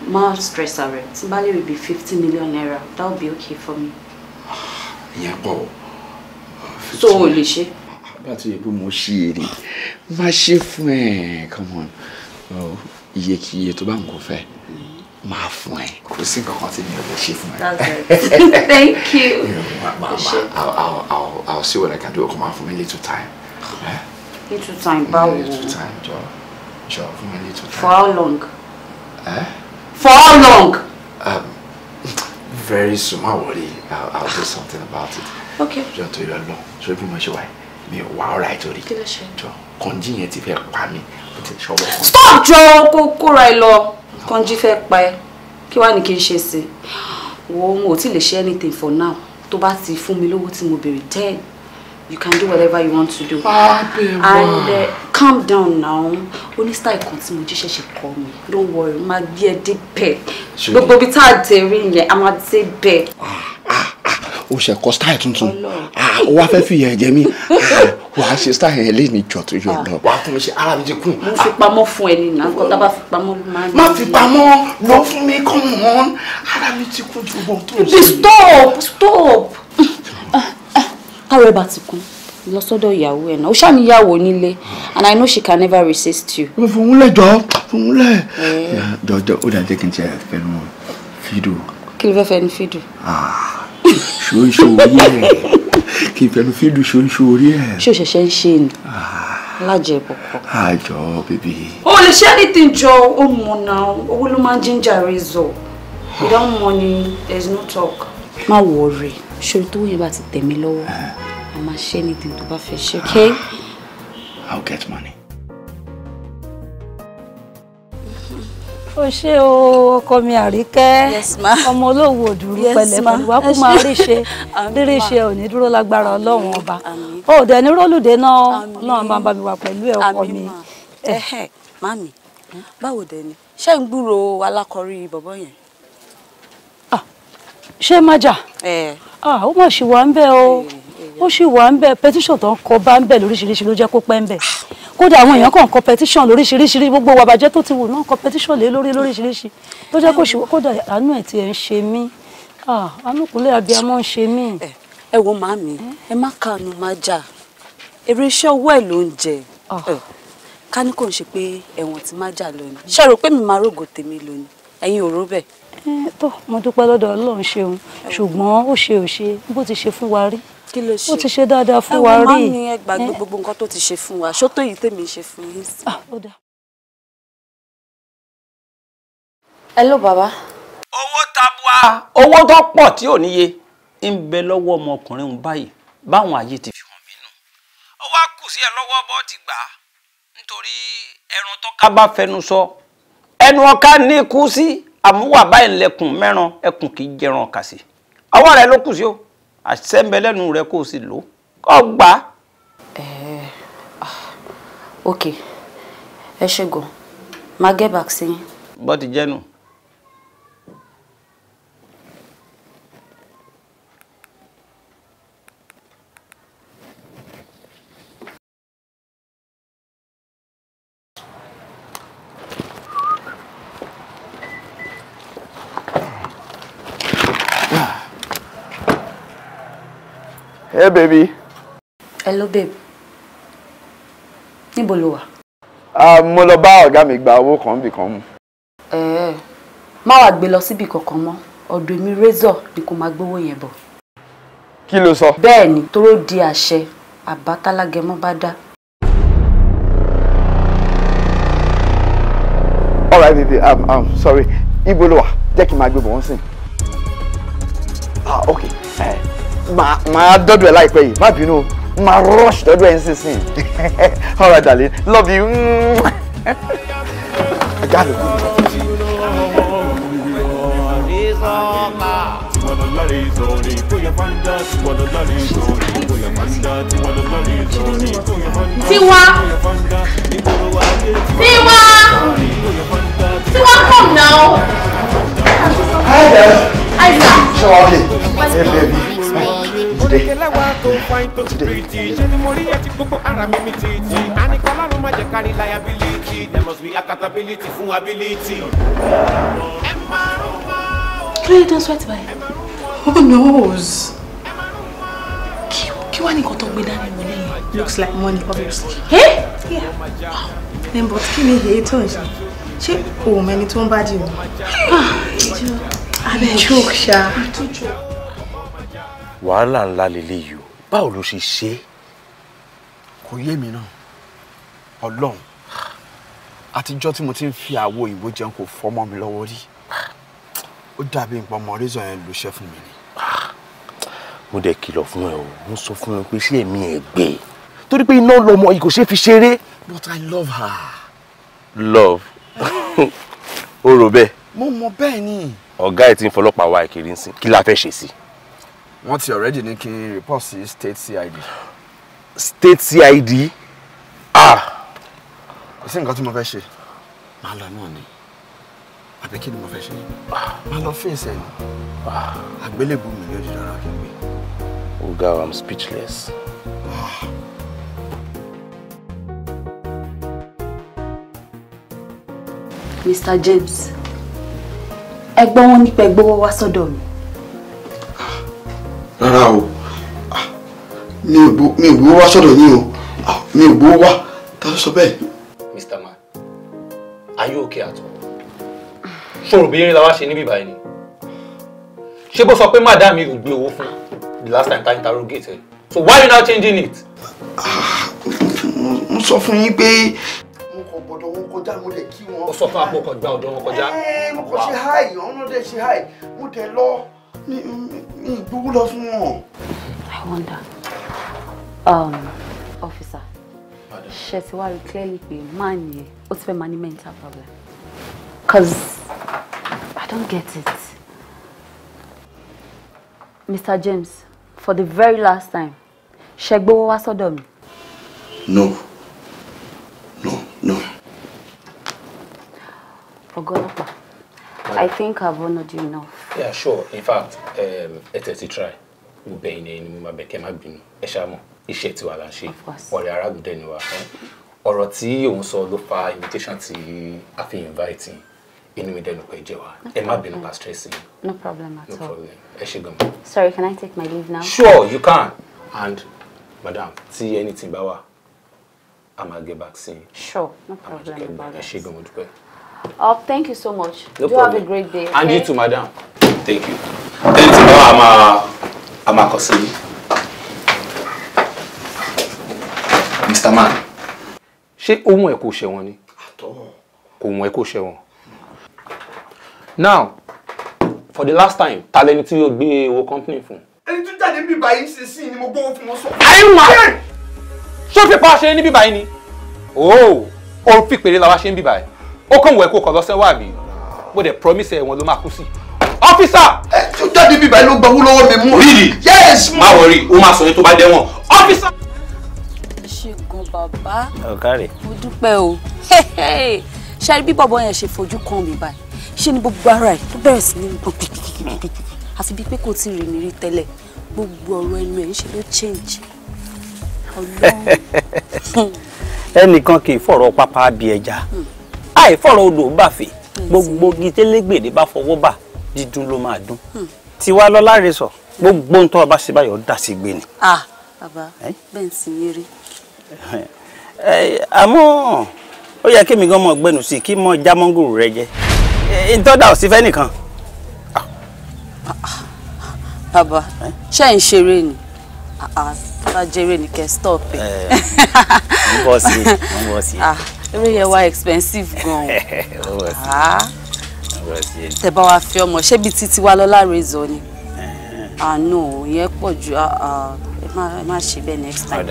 my stress rate, Timbali will be 50 million naira. That will be okay for me. Yeah, but... So, Olishe, bá yẹ pé mo ṣe é ni má ṣe fún ẹ come on oh, iyekíye tó bá ń kó fẹ́ máa fún ẹ kò sí kankan tí mi ò lè ṣe fún ẹ. thank you. ma ma I'll, I'll, I'll, see what I can do ọkọ máa fún mi little time. Eh? little time báwo. little time jọ jọ fún mi little time. for how long. Eh? for how long. Um, very soon ma worry I'll, I'll do something about it. okay. jọ tó yọ lọ ṣé bí mo ṣe wáyé mi ò wá stop jọ kó kóra ẹ lọ kànjí fẹ́ pa ẹ kí wàá ní kí n ṣe anything for now tó bá ti fún mi mo béèrè ten you can do whatever you want to do and uh, calm down now onísítà ìkan tí mo jí ṣẹ̀ṣẹ̀ call me. don't worry my dear. Deep pet. But gbogbo ibi tá a dé rí yẹn a o ṣe kọ style tuntun o ah, wá fẹ́ fìyà jẹ mí ah, wàá ṣe style yẹn léyìn ìjọ tó yọ ah. lọ. wàá fún mi ṣe ara mi ti kún. mo fi pamọ́ fún ẹ ní nà kó tá fi pamọ́ ló máa fi pamọ́ lọ fún mi come on ara mi ti kún ju ohun tó ń ṣe. stop stop káwé bá ti kún lọ sọ́dọ̀ ìyàwó ẹ náà ó ṣàní ìyàwó nílé and i know she can never resist you. mo fòun lẹ jọ fòun lẹ. Eh. jọjọ ó dàjẹ́ kí n ti fẹ́ nu fídíò. kí ló fẹ́ fẹ́ nu fídíò ṣoṣo orí ẹ̀ kí n fẹnu fídùn ṣoṣo orí ẹ̀. ṣé o ṣẹ̀ṣẹ̀ ń ṣe ni ah. lájẹbọkọ. àjọ bèbè. o lè ṣe anything jọ ó mọ náà owó ló máa ń ginger razor without money there is no talk. má worry ṣòro tó wúyẹ bá ti tẹ̀ mí lọ́wọ́ a eh. máa ṣe anything tó bá fẹ́ ṣe. I will ah. get money. o ṣe o ọkọ mi àríkẹ́ ọmọ olówó òdúró pẹ̀lẹ́ pẹ̀lú wa kó máa rí ṣe rírí ṣe ò ní dúró lágbára ọlọ́run ọba o ò ní rólùdé náà ọlọ́run máa bá mi wà pẹ̀lú ọkọ mi. mami báwo dẹ̀ ni ṣé ń gbúrò alákọ̀rí bọ̀bọ̀ yẹn. Ah, ṣé májà ah, ó mà ṣì wà ń bẹ o ó ṣì wà ń bẹ pẹtíṣọ̀ tó ń kọ bá ń bẹ lóríṣiríṣi ló jẹ́ kó pẹ́ ń bẹ ah kódà àwọn èèyàn kàn competition lóríṣiríṣi gbogbo wa bàjẹ́ tó ti wù náà competition lé lórí lóríṣiríṣi tó jẹ́ kó ṣe kódà àánú ẹ̀ tiẹ̀ ń ṣe mí àánúkúnlẹ̀ abiyamọ ń ṣe mí. ẹ wo màmí ẹ má kàánú má jà èrè iṣẹ́ owó ẹ̀ ló ń jẹ ah. ká ní kò ń ṣe pé ẹ̀wọ̀n ti má jà lónìí ṣe rò pé mi máa rògò tèmi lónìí ẹ̀yin ò rò bẹ́ẹ̀ Eh, tó mo dúpẹ́ lọ́dọ̀ Ọlọ́run ṣeun ṣùgbọ́n ó ṣe ò ṣe bó ti ṣe fún wa rí kí ló ṣe ó ti ṣe dáadáa fún eh, wa rí ẹ wọ́n máa ń ní ẹ gbàgbé eh. gbogbo nǹkan tó ti ṣe fún wa ṣó tó yìí tèmi ṣe fún yín sí. Ah, hello bàbá. owó tabua ah, owó tó pọ̀ tí ò níye ń bẹ lọ́wọ́ ọmọkùnrin òun báyìí báwọn ayé ti fi hàn mí nù ó wá kù sí ẹ lọ́wọ́ bọ́ ti gbà nítorí ẹran tó ká bá fẹnu sọ ẹnu ọ̀ka ní ikú sí. Si àmúwà báyìí lẹkùn mẹ́ran ẹkùn kì í jẹran kàsì ọwọ́ rẹ ló kù sí o àṣẹ́ńbẹ lẹ́nu rẹ kó o sì lò ó gbà á. Ah, ok ẹ ṣe gan máa get back sí ti jẹ́ Hey, baby. Hello, babe. Níbo lo wà? Ah, mo lọ bá ọ̀gá mi gba owó kan bì kan mu. Eh. Má wá gbé lọ síbi kankan mọ́. Ọ̀dọ̀ mi Razor ni kó máa gbówó yẹn bọ̀. Kí ló sọ? Bẹ́ẹ̀ ni, tóró di àṣẹ, àbátálágẹ mọ́ bá All right, baby. I'm um, I'm um, sorry. Ibo lo wà? Jẹ́ kí n máa gbé bọ̀ Ah, okay. Eh. Uh máa dọ́dọ̀ ẹ láìpẹ́ yìí má bínú o máa rush dọ́dọ̀ ẹ ń all right darling love you. ajá lè kú. Tiwa! Tiwa! Tiwa come now! Hi there! Hi sir! Sure, okay. Hey baby dìde ó ti dìde. ṣé ni who knows. kí kí wàá ní nǹkan tó looks like money obviously. ẹ ẹ wow ẹ bọ̀ kí ni èyí tó ń ṣe ṣé òun ẹni tó ń bá dì o. abẹ́ ah, joke ah, wàhálà ńlá lélẹ̀ o báwo ló ṣe ṣe. kò yé mi náà ọlọ́run àtijọ́ tí mo ti ń fi àwo ìwé jẹun kò fọmọ mi lọ́wọ́ rí ó dàbí nǹkan ọmọ rézọ yẹn ló ṣe fún mi ni. mo dẹ̀ kìlọ̀ fún ẹ o mo sọ fún ẹ pé sí ẹ̀mí ẹ̀ gbé e? torí pé iná lọmọ yìí kò ṣeé fi ṣeré. but i love her. love o rò bẹ́ẹ̀. mo mọ bẹ́ẹ̀ ni. ọ̀gá ẹ̀ ti ń fọlọ́pàá wa kiri ń sìn kí la fẹ́ ṣe sí i wọ́n ti already ní kí n report sí state cid. state cid. ah kò sí nǹkan tí mo fẹ́ ṣe. máa lọ náà ni àbí kí ni mo fẹ́ ṣe. Ah! máa lọ fèsì ẹ̀yìn ah! àgbélébù mi yóò di dára kí n gbé. o ga am speechless. Ah. Mr. James ẹgbọ́n wọn nípa ẹgbọ́wọ́ wá sọ́dọ̀ mi rárá o ah, mi ò gbowó wá sọ́dọ̀ yín o ah, mi ò gbowó wá ta sọ bẹ́ẹ̀. Mr. Man are you okay at all ṣòro bí eré la wá ṣe níbí báyìí ni ṣé bó sọ pé madam mi ò gbé owó fún the last time ta interrogate ẹ so why you now changing it. Ah, mo sọ fún yín pé mo wọn kọjá mo lè kí wọn. ó sọ fún apò gba ọ̀dọ̀ wọn kọjá. Eh, mo kò ṣe háì ọ̀nà dẹ̀ ṣe háì mo tẹ̀ lọ mi gbogbo lọ fún I wonder. Um, officer ṣe ti wá clearly be máa ní ẹ ó ti fẹ́ máa mental problem cause I don't get it. Mr. James for the very last time shegbo gbowó wá mi. No. No, no. Ọ̀gá ọlọ́pàá. I think I've honored you enough. Yeah, sure. In fact, um, ẹ a try. Mo bẹ̀ in ni mo máa bẹ̀ kẹ́ má bínú. Ẹ ṣáà mọ̀, iṣẹ́ tiwa là ń ṣe. Ọ̀rẹ́ arágùndẹ̀ ni wa. Ọ̀rọ̀ tí òun sọ ló fa invitation tí a fi invite yín. Inú mi dẹnu pé jẹ́ wa. Ẹ má bínú pa stress No problem at all. No problem. Ẹ ṣe gan. Sorry, can I take my leave now? Sure, you can. And madam, tí anything bá wà, I ma get back soon. Sure, no problem about that. Ẹ ṣe gan, mo dúpẹ́. Oh, thank you so much. No Do problem. have a great day. And okay? you too, madam. Thank you. Ẹni tí bá a I'm a máa Mr. Man. she umu ẹ̀ kò Ato. ni? Kò wọ̀n Now, for the last time, ta lẹni tí yóò gbé owó company phone. Ẹni tó jáde me báyìí ṣe sí ni mo gbówó fún wọn sọ. Àyè mà! Ṣé o fi pa aṣẹ níbi báyìí ni? Ooo, oh, o fi pèrè làwa ṣe ń bíbáyìí ó kàn wọ ẹ kó kọ lọsẹ wà mí mo dẹ promise ẹ wọn ló máa kú sí. ọfíìsà. ẹ tó jáde bíbá ló gbọ́ lọ́wọ́ mi mú. rírì yes má wọrí o máa sọ ní tó bá dẹ́wọ̀n ọfíìsà. ẹ ṣe gan bàbá mo dúpẹ́ o ṣe bí bọ̀bọ̀ yẹn ṣe fojú kan mi báyìí ṣe ni gbogbo ara ẹ̀ tó bẹ̀rẹ̀ sí ní gbọ̀n pìkìkìkìkì àfi bíi pé kò tí ì rìn mí rí tẹ́lẹ̀ gbogbo ọ̀rọ̀ ẹnu ẹ̀ ń ṣe ló change ọlọ́run. ẹnìkan kì í fọ̀rọ̀ pápá bí ẹja. Hmm àìfọ̀rọ̀ odò bàfẹ́ gbogbo gitélégbèdè bá fọwọ́ bà dídùn ló máa dún hmm. tiwa lọ́lá rẹ sọ gbogbo ń tọ́ ọba ṣe báyọ̀ dà sí gbé ni. ah bàbá bẹ́ẹ̀ sì ń rí. àmọ́ ó yẹ kémi gan mọ̀ gbẹnu sí kí mọ jámọ́ngòrò rẹ jẹ ìtọ́dà ò sí fẹ́ nìkan. bàbá ṣé ń ṣeré ni bá jẹrè ni kẹ́ stop ẹ. mo ń bọ̀ sí i ń bọ̀ sí i. eré yẹn wá expensive gan ah. tẹ bá wa fi ọmọ ṣébi títí wa lọ́la rẹ̀zọ ni àánú eh. ah, ìyẹn pọ̀ ju ah, ẹ má ṣe bẹ́ẹ̀ next time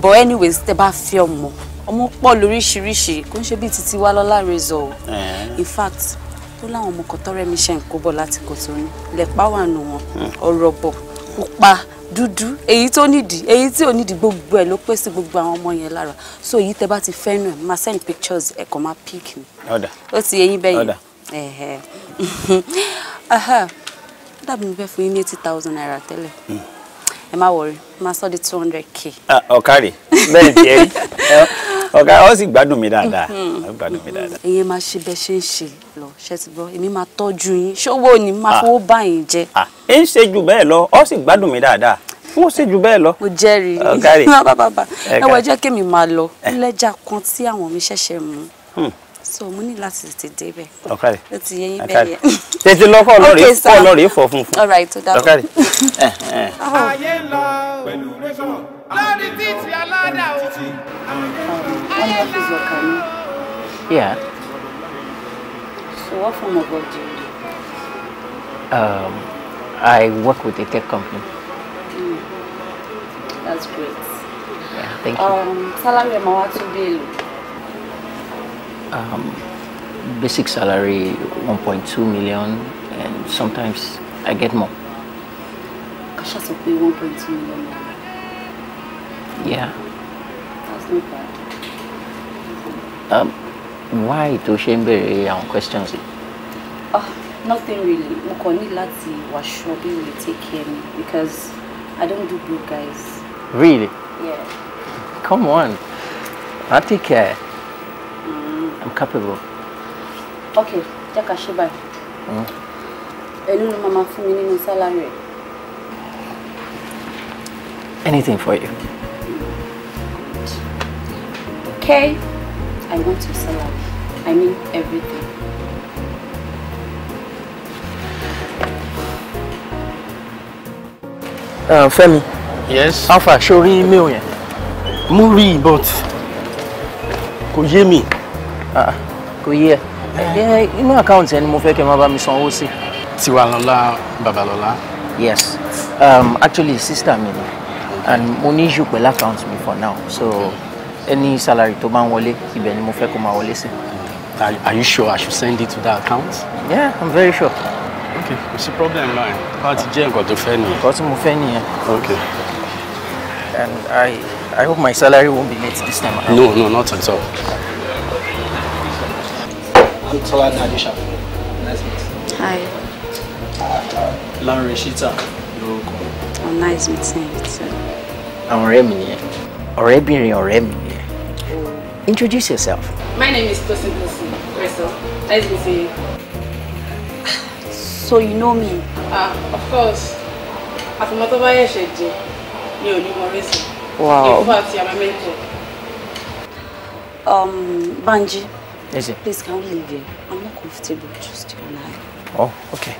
but anyway, tẹ bá fi ọmọ ọmọ pọ̀ lóríṣiríṣi kò ń ṣe bí títí wa lọ́la rẹ̀zọ o eh. in fact ó láwọn ọmọ kan tọrẹ mi ṣe ń kó bọ̀ láti kò tó ní wà nù wọn hmm. ọ̀rọ̀ bọ̀ pupa dúdú èyí tó nídìí èyí tí ò nídìí gbogbo ẹ̀ ló pé sí gbogbo àwọn ọmọ yẹn lára so èyí tẹ bá ti fẹ́ nù máa send pictures ẹ̀ kàn máa pick mi. ọ̀dà ó ti yẹ yín bẹ́yìn dàbí mi fẹ́ fún yín ní eighty thousand naira tẹ́lẹ̀ hmm. ẹ má wọrí má sọ di two hundred k. Ah, ọ̀kárì bẹ́ẹ̀ ti ẹ rí ọ̀gá ọ sì gbádùn mi dáadáa ọ hmm. gbádùn mi dáadáa. ẹyẹ máa ṣe bẹ ṣe ń ṣe lọ ṣe ti gbọ́ èmi máa tọ́jú yín ṣówó ni máa ah. fowó bá yín jẹ. ẹ ah, ń ṣe jù bẹ́ẹ̀ lọ ọ sì gbádùn mi dáadáa fún sí jù bẹ́ẹ̀ lọ. mo jẹ́rìí ní bàbá bàbá ẹ wọ ẹjẹ́ kémi máa lọ lẹ́jà kan tí àwọn mi ṣẹ̀ṣẹ̀ mú hmm. so mo ní láti tètè débẹ̀ ó ti yẹ yín bẹ́ẹ̀ yẹn. tètè lọ kọ́ ọlọ́rìí kọ́ ọlọ́rìí fọ funfun. ọ̀rẹ́ tó dábọ̀ ọ̀kàrí. ayé lọ pẹ̀lú rẹ́sọ̀ lórí títì aládà o. ayé lọ. Yeah. So what form of work Um, I work with a tech company. That's great. Yeah, thank you. Um, salary ẹ to wá Um, basic salary 1.2 million and sometimes I get more. Cash sọ pé 1.2 million Yeah. That's not bad. Um, why to ṣe ń béèrè àwọn questions Oh, nothing really. Mo kàn ní láti wàṣọ bí we take care because I don't do blue guys. Really? Yeah. Come on. I take care. Mm. I'm capable. Okay, take a shiba. báyìí. Mm. màmá fún Anything for you. Okay, I want your salary. I mean everything. Uh, Femi. yes. alpha sori email yẹn mo rí but kò yé mi. Ah, kò yé ẹ eh. Eh, inú àkáǹtì ẹni mo fẹ́ kẹ́ máa bá mi san yes um, actually sister me and mo ní issue account mi for now so any salary to bá ń wọlé ibẹ̀ ni mo fẹ́ kó máa wọlé Are, you sure I should send it to that account? Yeah, I'm very sure. Okay, What's the problem line? Bá a ti jẹ́ nǹkan tó fẹ́ nìyẹn. Nǹkan tí mo Okay and I, I hope my salary won't be late this time No, no, not at all. I'm Tola Nadisha. Nice meeting Hi. Lanre Shita. welcome. nice meeting you too. Àwọn ọ̀rẹ́ mi nìyẹn. Introduce yourself. My name is Tosin Tosin. Crystal. Nice meeting you. So you know me? Ah, uh, of course. Àfọ̀mọ́tọ́ bá sheji mi ò ní mọ rẹ́sì. Wow. Um, Banji, yes, please can we leave here? I'm not comfortable, just you and I. Oh, okay.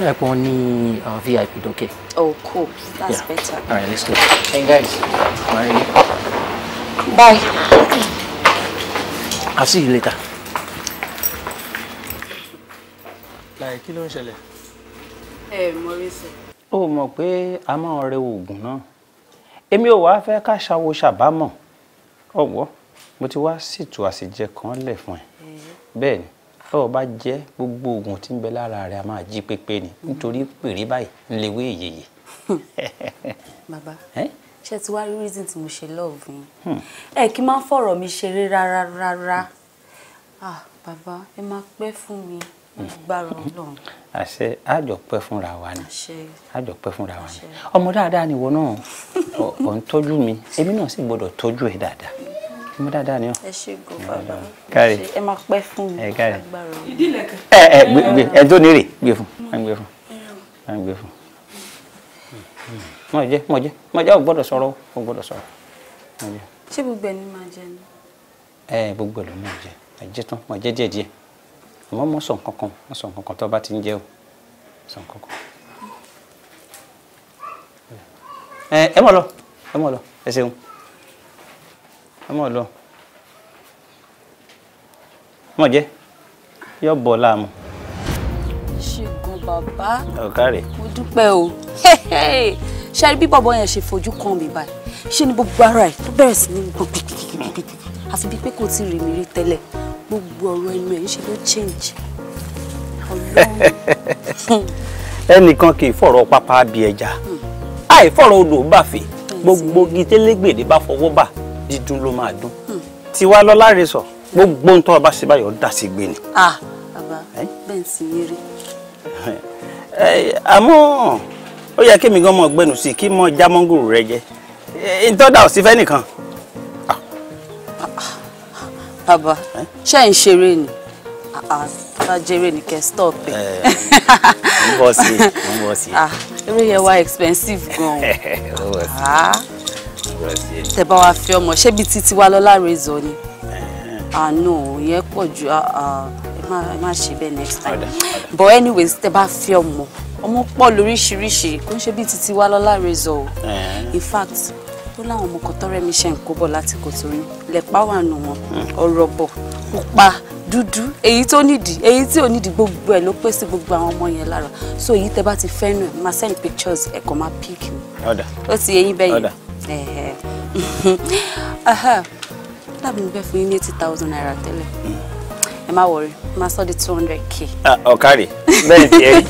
Mm. Like only uh, VIP, okay? Oh, cool. That's yeah. better. All right, let's go. Hey, guys. Bye. Bye. I'll see you later. Like, kí ló ń ṣẹlẹ̀? Eh, Maurice. Ó mọ̀ pé a máa ń rẹ oògùn náà èmi ò wá fẹ́ ká ṣàwo ṣàbámọ̀ ọ̀wọ́ mo ti wá sìtò àsìjẹ kan lẹ̀ fún ẹ bẹ́ẹ̀ ni tọ́wọ́ bá jẹ́ gbogbo oògùn tí ń bẹ lára rẹ̀ a máa jí pépé ni nítorí pèrè báyìí ń lewé èyèyè. bàbá ṣe ti wá rí reason tí mo ṣe lọ́ọ̀bù yín hmm. ẹ kí n máa fọ̀rọ̀ mi ṣeré rárá rárá ah bàbá ẹ máa pẹ́ fún mi hmm. gbára Ọlọ́run. àṣẹ àjọpẹ́ fúnra wa ni àjọpẹ́ fúnra wa ni ọmọ dáadáa ni ìwọ náà ò ń tọ́jú mi èmi náà sì gbọ́dọ̀ tọ́jú ẹ dáadáa kí mo dáadáa ni ọ. ẹ ṣe go bàbá káre ẹ máa pẹ́ fún mi agbára mi. ìdílé kan. ẹ ẹ gbé ẹ tó ní rè gbé fún ẹ gbé fún ẹ gbé fún. mọ jẹ mọ jẹ mọ jẹ ò gbọ́dọ̀ sọ̀rọ̀ ò gbọ́dọ̀ sọ̀rọ̀ mọ jẹ. ṣé gbogbo ẹni máa jẹ ni. ẹ gbogbo ẹni máa jẹ ẹ jẹ tán mọ jẹ díẹ̀ díẹ̀ àmọ́ mọ sọ nǹkan mọ sọ nǹkan tó bá ti ń jẹ o sọ nǹkan Eh, ẹ mọ̀ lọ ẹ mọ̀ lọ ẹ ṣeun ẹ mọ̀ lọ mọ̀ jẹ́ yọ bọ̀ láàmú. ṣègùn bàbá mo dúpẹ́ o ṣe rí bí bọ̀bọ̀ yẹn ṣe fojú kan mi báyìí ṣe ni gbogbo ara ẹ̀ tó bẹ̀rẹ̀ sí ní gbọ̀n àfi bíi pé kò tí ì rí mi rí tẹ́lẹ̀ gbogbo ọ̀rọ̀ ẹnu ẹ̀ ń ṣe ló change ọlọ́run. ẹnìkan kì í fọ̀rọ̀ pápá bí ẹja. Hmm àìfọ̀rọ̀ odò bàfẹ́ gbogbo gitélégèdè bá fọwọ́ bà dídùn ló máa dún hmm. tiwa lọ láre sọ gbogbo ń tọ́ ọba ṣe báyọ̀ dà sí gbé ni. ah bàbá bẹ́ẹ̀ sì ni rí. àmọ́ ó yẹ kí mi gan mọ̀ gbẹ́nu sí i kí mọ̀ já mọ́ngòrò rẹ jẹ ìtọ́dà ò sí fẹ́ nìkan. bàbá ṣé ń ṣeré ni bá jẹrè ni kẹ́ stop ẹ. ń bọ̀ sí i ń bọ̀ sí i. eré yẹn wá expensive gan ah. tẹ bá wa fi ọmọ ṣébi Titi wa lọ́la rẹ̀zọ ni àánú eh. ah, ìyẹn pọ̀ ju ah, ẹ má ṣe bẹ́ẹ̀ next time but anyways tẹ bá fi ọmọ ọmọ pọ̀ lóríṣiríṣi kò ń ṣe bí títí wa lọ́la rẹ̀zọ o eh. in fact ó láwọn ọmọ kan tọrẹ mi ṣe ń kó bọ̀ láti kò torí lẹ́pà wà nù wọn hmm. ọ̀rọ̀ bọ̀ pupa dúdú èyí tó nídìí èyí tí ò nídìí gbogbo ẹ̀ ló pé sí gbogbo àwọn ọmọ yẹn lára so èyí tẹ bá ti fẹ́ nù máa send pictures ẹ̀ kàn máa pick mi. ọ̀dà ó ti yẹ yín bẹ́yìn. ọ̀dà dábìí bẹ́ẹ̀ fún yín ní eighty thousand naira tẹ́lẹ̀ ẹ má wọrí máa sọ di two hundred k. Ah, ọ̀kárì bẹ́ẹ̀ tiẹ̀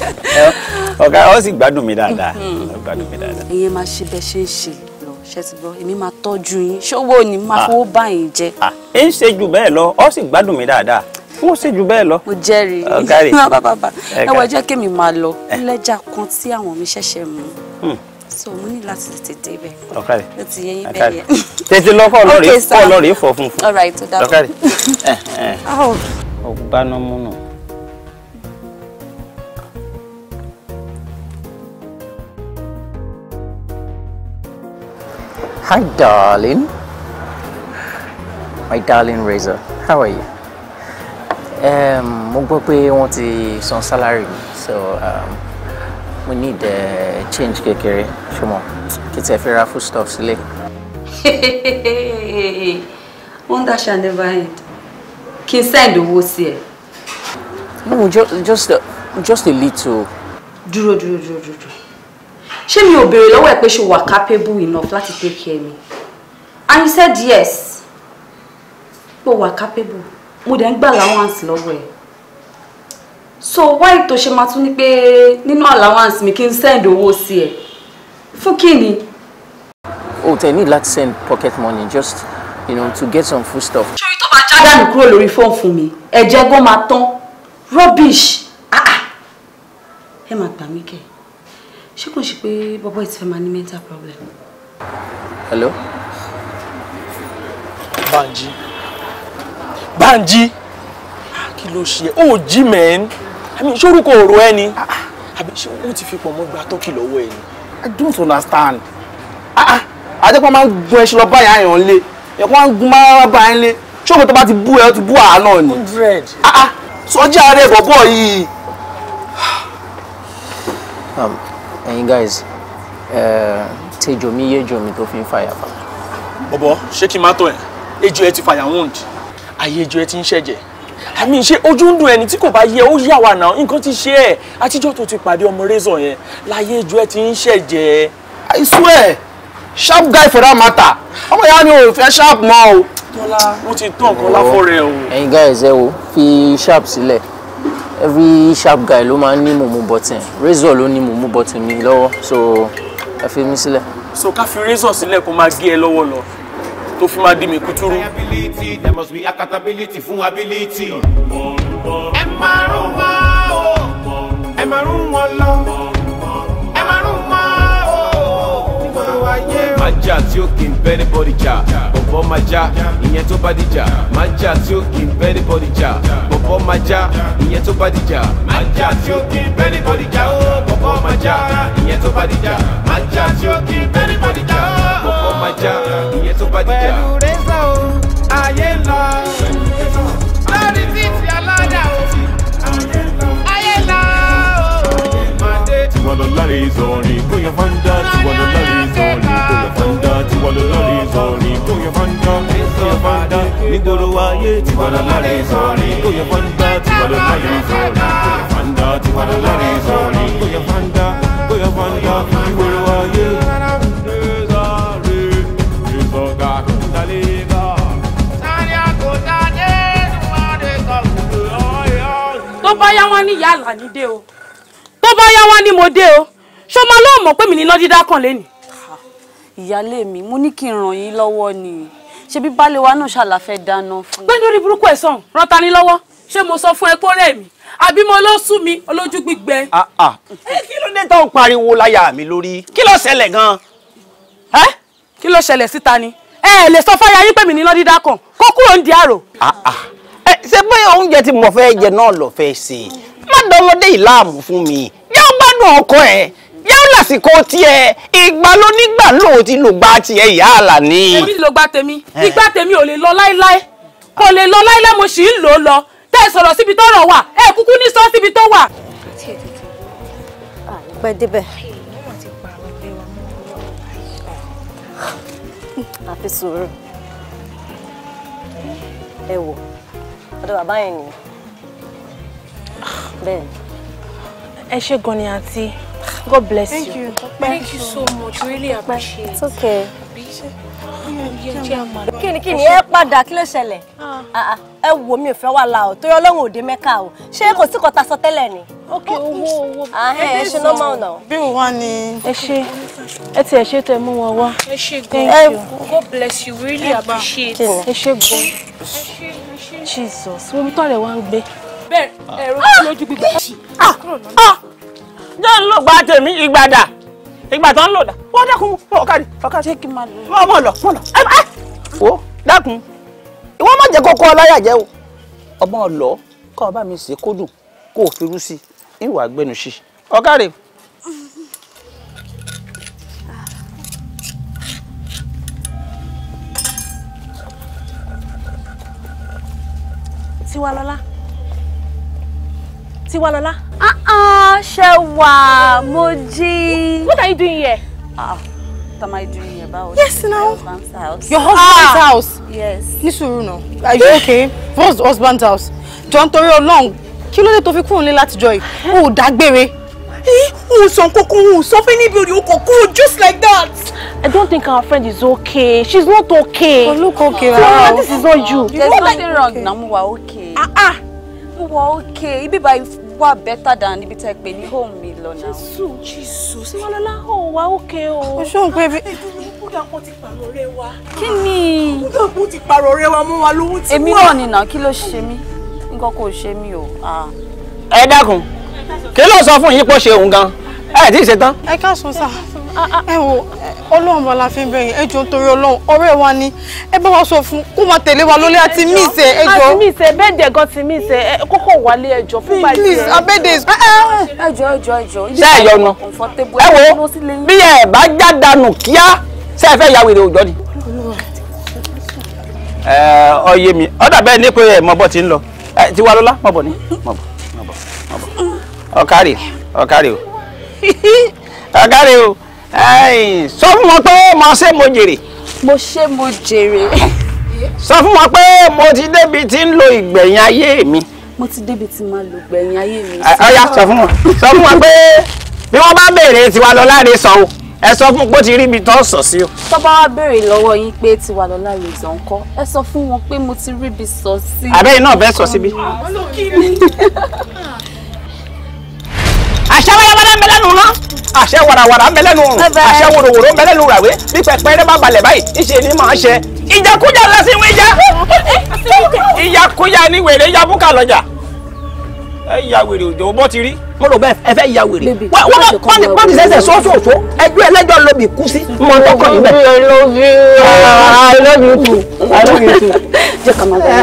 ọ̀kárì ó sì gbádùn mi dáadáa mm-hmm. ó gbádùn mi dáadáa. ìyẹn máa ṣe bẹ́ẹ̀ ṣe ń ṣe ṣe ti gbọ́ èmi máa tọ́jú yín ṣówó ni máa ah. fowó bá yín jẹ. Ah, ẹ ń ṣe jù bẹ́ẹ̀ lọ ọ sì gbádùn mi dáadáa wọ́n ṣe jù bẹ́ẹ̀ lọ. mo jẹ́rìí ní bàbá ẹ wọ ẹjọ́ kémi máa lọ eh. lẹ́jà kan tí àwọn mi ṣẹ̀ṣẹ̀ mú hmm. so mo ní láti tètè bẹ̀. ọ̀kàrẹ̀ ló ti yẹ yín bẹ́ẹ̀ yẹn. tètè lọ kọ́ ọlọ́rìí fọ́ funfun. ọ̀rọ̀ àìtó dábọ̀. ọ̀kàrẹ̀ ọ̀gbanámúnú. Hi, darling. My darling Razor, how are you? Um, mo gbọ́ pé wọ́n ti san salary mi so um, we need uh, change kékeré ṣùgbọ́n kí tẹ fẹ́ ra food stuff sílé. wonder shall never end kí n send owó sí ẹ. no just just a, just a little. dúró dúró dúró dúró ṣé mi ò béèrè lọ́wọ́ ẹ̀ pé ṣe wà capable enough láti take care me, and you said yes pé wà capable mo dẹ̀ ń gbà allowance lọ́wọ́ ẹ̀ so why tó ṣe máa tún ní pé nínú allowance mi kí n send owó sí ẹ fún kí ni. o tẹ ní láti send pocket money just you know, to get some food stuff. ṣòrí tó bá já dànù kúrò lórí fóònù fún mi ẹ̀jẹ̀ gan máa tán rubbish ah, ah. ẹ máa gbà mí kẹ́ẹ̀ ṣé kò ṣe pé bọ́bọ́ ti fẹ́ máa ní mental problem. hello. Banji Banji ah, kí ló ṣe ẹ ó jí mẹ́ẹ́n àmì ìṣorúkọ ọ̀rọ̀ ẹ ni ah, ah. àbí ṣé wọ́n ti fi pọ̀ mọ́ gba tọ́kì lọ́wọ́ ẹ ni. I don't understand àjẹpọ̀ máa ń gun ẹṣin lọ báyà yàn lé ẹ̀kọ́ máa ń gun máa báyà lé ṣọ́ọ̀bù tó bá ti bú ẹ ó ti bú àánà ni. sọjí ààrẹ bọ̀bọ̀ yìí. Um, ẹ̀yin guys tejò mi yéjò mi tó fi ń fàyà fà. bọ̀bọ̀ ṣé kí n má tọ̀ ẹ̀ ejò ẹ ti fàyà wound àyè ejò ẹ ti ń ṣẹ̀jẹ̀ àmì ṣe ojú ń dùn ẹni tí kò bá yẹ ó yà wà náà nǹkan ti ṣe ẹ àtijọ́ tó ti pàdé ọmọ rẹ́sọ̀ yẹn láyé ejò ẹ ti ń ṣẹ̀jẹ̀. I swear sharp guy for that matter ọmọ ìyá mi ò fẹ́ sharp mọ́ o. tọ́lá wọ́n ti tán nǹkan láfọ́ o. ẹ̀yin guys ẹ wo fi sharp sílẹ̀. Si every sharp guy ló máa ń ní mòmú button razor ló ní mòmú button mi lọ́wọ́ so ẹ fi mí sílẹ̀. so ká fi razor sílẹ̀ kó máa gé ẹ lọ́wọ́ lọ tó fi máa di mi kútúrú. there must be accountability fún ability. ẹ máa rún ẹ máa rún wọn lọ. má jà tí ó kì í bẹ́ anybody jà bọ̀bọ̀ má já ìyẹn tó bá dìjà má jà tí ó kì í bẹ́ anybody jà bọ̀bọ̀ má já ìyẹn tó bá dìjà má jà tí ó kì í bẹ́ anybody jà ó bọ̀bọ̀ má ìyẹn tó bá dìjà má tí ó kì í bẹ́ anybody jà bọ̀bọ̀ má ìyẹn tó bá dìjà. pẹ̀lú rẹ́sà o ayé lọ lórí títí alájà o ayé ń lọ nígboro ayé tiwa lọ́lọ́rẹ́ sọ̀rí kò yẹ fanda tiwa lọ́lọ́rẹ́ sọ̀rí kò yẹ fanda tiwa lọ́lọ́rẹ́ sọ̀rí kò yẹ fanda kò yẹ fanda nígboro ayé. tó bá yá wọn ní ìyá àlàní dé o tó bá yá wọn ní mo dé o ṣó máa lọ́ọ́ mọ̀ pé mi ní iná dídá kan lé nìí ìyálé mi mo ní kí n ràn yín lọ́wọ́ ni ṣé bí baálé wa náà ṣàlàfẹ́ dáná fún. gbé lórí burúkú ẹ̀ sọ̀rùn rántá ní lọ́wọ́ ṣé mo sọ fún ẹ kó mi àbí mo ló sún mi olójú gbígbẹ. Ah, ah. kí ló dé tó ń pariwo láyà mi lórí kí ló ṣẹlẹ̀ gan-an. ẹ kí ló ṣẹlẹ̀ síta ni ẹ lè sọ fáyà yín pé mi níná dídá kan kó kúrò ń di àrò. Ah, ṣé pé oúnjẹ tí mo fẹ́ jẹ náà lọ fẹ́ ṣe má dọmọdé ìlàmù fún mi yóò gbádùn ọkọ ẹ̀ jẹ́ ó lásìkò tiẹ̀ ìgbà ló nígbà lóò ti lògbà tiẹ̀ ìyá àlàní. èmi ti lògbà tèmi eh. ìgbà tèmi ò lè lọ láéláé kò lè lọ láéláé mo sì ń lò ó lọ tẹ́ ẹ sọ̀rọ̀ síbi tọ́rọ̀ wà ẹ kúkú ní sọ síbi tó wà. àfi sùúrù ẹ wò ọ̀dọ̀ bàbá yẹn nìyẹn bẹ́ẹ̀ ẹ ṣe gan ni àǹtí. God bless Thank you. you. Thank you so much. Really appreciate it. It's okay. Kini, kini. kí ni ẹ padà Ah ah. E Ẹ wò mí ò fẹ́ o láò torí ọlọ́run òde mẹ́ka o. Ṣé kò sí kọta sọ tẹ́lẹ̀ ni? Ok Ah owó. Eh, ẹ ṣe normal now. Bí wọ́n wá ni. Ẹ ṣe ẹ ti ẹ ṣe tó ẹ mú wọn wá. Ẹ ṣe gan. God bless you really appreciate. Ẹ ṣe gan. Jesus, wo mi tọ́ rẹ̀ wá ń gbé. Bẹ́ẹ̀ ẹ̀rọ ah! lójú gbígbà. Ah! jẹ́ ń lò gba tèmi ìgbàdà ìgbà tó ń lò dà wọ́n dákun ọ̀kadì ọ̀kadì kí n máa lọ mọ̀ lọ mọ̀ lọ ẹ bá wò dákun ìwọ má jẹ́ kókó ọláyà jẹ́ o ọmọ ọ̀lọ́ kọ́ ọ bá mi ṣe kó dùn kó o firú sí i ìwà gbẹnu sí i ọ̀kadì. Tiwalọ́lá. Tiwalọlá. Ah ah, uh-uh, Ṣẹ̀wà, Mojí. What are you doing here? Ah, what am I doing here? Báwo yes, now. house. Your husband's ah. house? Yes. Ní sùúrù Are you okay? For us, husband's house? Jọ̀ọ́ nítorí Ọlọ́run, kí ló dé tó fi kúrò nílé látijọ́ yìí? O ò dágbére. Who some cocoa, something anybody who cocoa just like that. I don't think our friend is okay. She's not okay. Oh, look okay. Wow. So, this is not you. There's nothing wrong. Namuwa okay. Ah ah. wọ òkè ibi báyìí wà bẹ́tà dàn níbi ní home mi lọ ò o. o ṣó ń pè ti wa. kí ni. ti pààrọ̀ ọ̀rẹ́ wa mú wa lówó èmi náà kí ló ṣe mí nǹkan ṣe mí o. Ah. ẹ dákun kí ló sọ fún yín ẹ tí ì ṣe tán. ẹ káàsán sá ẹ wo ọlọ́run bá la fi ń bẹ̀yìn ẹjọ́ torí ọlọ́run ọ̀rẹ́ wa ni ẹ bá wa sọ fún kó máa tẹ̀lé wa lólé àti mí ìṣe ẹjọ́. àti mí ìṣe bẹ́ẹ̀ dẹ̀ gan ti mí ìṣe kókò wálé ẹjọ́ fún bàjẹ́. please abẹ́dẹ̀ ẹ. ẹjọ́ ẹjọ́ ẹjọ́. ṣé ẹ yọnu ẹ wo bí ẹ bá jádànù kíá ṣé ẹ fẹ́ ya wèrè òjọ́ ni. ọyẹ mi ọ̀dà bẹ́ẹ̀ ní pé ẹ mọ̀ bọ́ ti ń lọ tiwa lọ́lá mọ̀ bọ̀ ni mọ̀ bọ̀ mọ̀ bọ̀ ọ̀kárì o. ọ̀gá rẹ o sọ fún wọn pé mo ṣe mo jèrè. mo ṣe mo jèrè. sọ fún wọn pé mo ti débi tí ń lo ìgbẹ̀yìn ayé mi. mo ti débi tí máa lo ìgbẹ̀yìn ayé mi. ọ̀yá sọ fún wọn sọ fún wọn pé bí wọ́n bá béèrè tiwa lọ láre sọ o ẹ sọ fún pé ó ti rí ibi tó sọ sí o. tó bá béèrè lọ́wọ́ yín pé ti wà lọ́la rèézàn kọ́ ẹ sọ fún wọn pé mo ti rí ibi sọ sí. àbẹ́yìn náà bẹ́ẹ̀ sọ síbí àṣẹ wàràwàrà ń bẹ lẹ́nu náà àṣẹ wàràwàrà ń bẹ lẹ́nu ọrùn àṣẹ wòròwòrò ń bẹ lẹ́nu ràwé bí pẹpẹ rẹ bá balẹ̀ báyìí níṣẹ́ ni màá ṣe ìjàkújà lásì ń wíjà ìyàkújà ni wèrè ya búkà lọ́jà ẹ ya wèrè òjò bọ́ ti rí. mo rò bẹ́ẹ̀ ẹ fẹ́ ya wèrè wọ́n ti sẹ́sẹ̀ sọ́sọ̀ọ̀sọ́ ẹjọ́ ẹlẹ́jọ́ lóbi kú sí mọ tọkọ níbẹ̀. I love you I love you too I love you too. jẹ́ kàmáńgá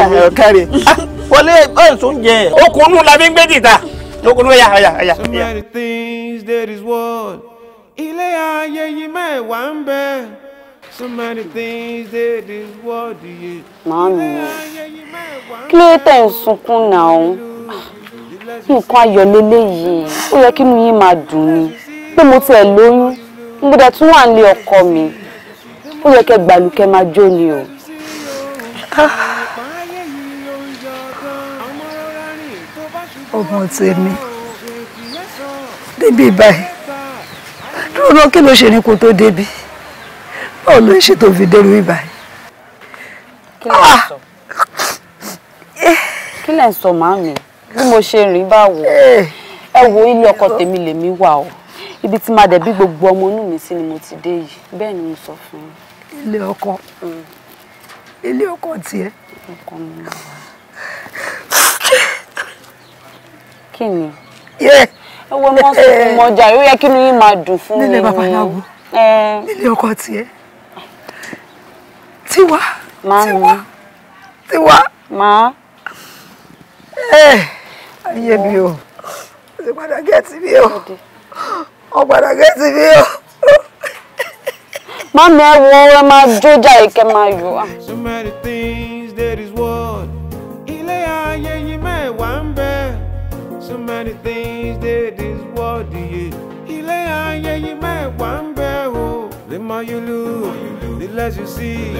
yẹn. Ah, wọlé ẹ̀ ń sún jẹ okùn nù la fi ń gbé dìta lókun ẹ̀yà ẹ̀yà ẹ̀yà. so many things that is world Ile aye yìí mẹ́wàá ń bẹ so many things that is world yìí. màámi kí ló tẹ̀ ń sunkún náà nǹkan ayọ̀ lélẹ́yìí ó yẹ kí inú yín máa dùn ni pé mo tiẹ̀ lóyún mo dẹ̀ tún wà nílé ọkọ mi ó yẹ kẹ́ gbàlùkẹ́ máa jó ni o. Ah. ọmọ tèmi débi báyìí dúró náà kí ló ṣe ní kó tó débi báwo ló ń ṣe tó fi dérú ìbáyìí. kí ló ń ah! sọ kí lẹ̀ ń sọ màámi bí mo ṣe rìn bá wò eh! ẹ wo ilé ọkọ tèmi lèmi wà o ibi tí máa dẹ̀bí gbogbo ọmọ inú mi sí ni mo ti dé yìí bẹ́ẹ̀ ni mo sọ fún un. ilé ọkọ mm. ilé ọkọ tiẹ̀ kí ni ẹ wo mọ sọkún eh. mọjà yóò yẹ kí ni yín máa dùn fún mi nílé babaláwo eh. nílé ọkọ tiẹ̀ tiwa tiwa tiwa máa eh. ayé mi o ṣe padà gẹ̀ẹ́tì mi o ọ padà gẹ̀ẹ́tì mi o. Mami ẹ wo ẹ máa jójà ìkẹ́ máa yọ wá. things dey this world yìí ilé ayé yìí mẹ́wàá ń bẹ o. The more you look, the less you see.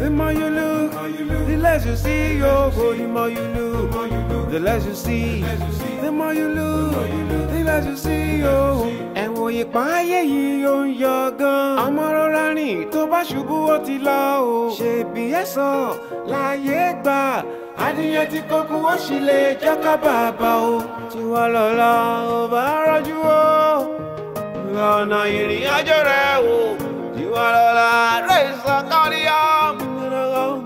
The more you look, the less you see. Yo, go. The more you look, the less you see. The more you look, the less you see. Yo. Ẹ̀wọ̀n ìpá ayé yìí ó ń yọ gan. Ọmọ rọra rìn tó bá ṣubú ó ti lọ o. Ṣèbí ẹ̀sán láyé gbà àníyàn tí kò ó sì lè jáká bàbá o tiwa lọ́la ò bá rọ́jú o lọ́nà ìrìn àjò rẹ̀ o tiwa lọ́la rẹ̀ sọ́kọ́ríyá ò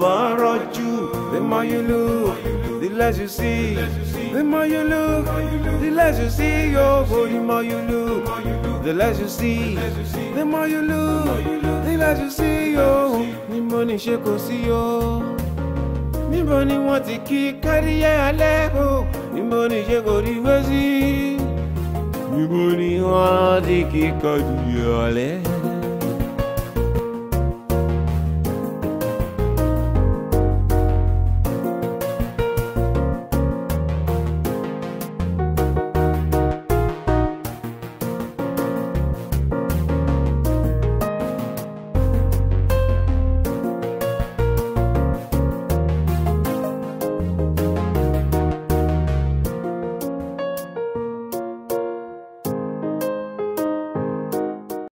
bá rọ́jú the more you look the less you see the more you look the less you see yo the more you look the less you see the more you look the less you see yo ni mo ní ṣe kò níbo ni wọ́n ti kí káríyé alẹ́ o níbo ni ṣe kò rí gbé sí níbo ni wọ́n ti kí kọjú ọ̀lẹ́.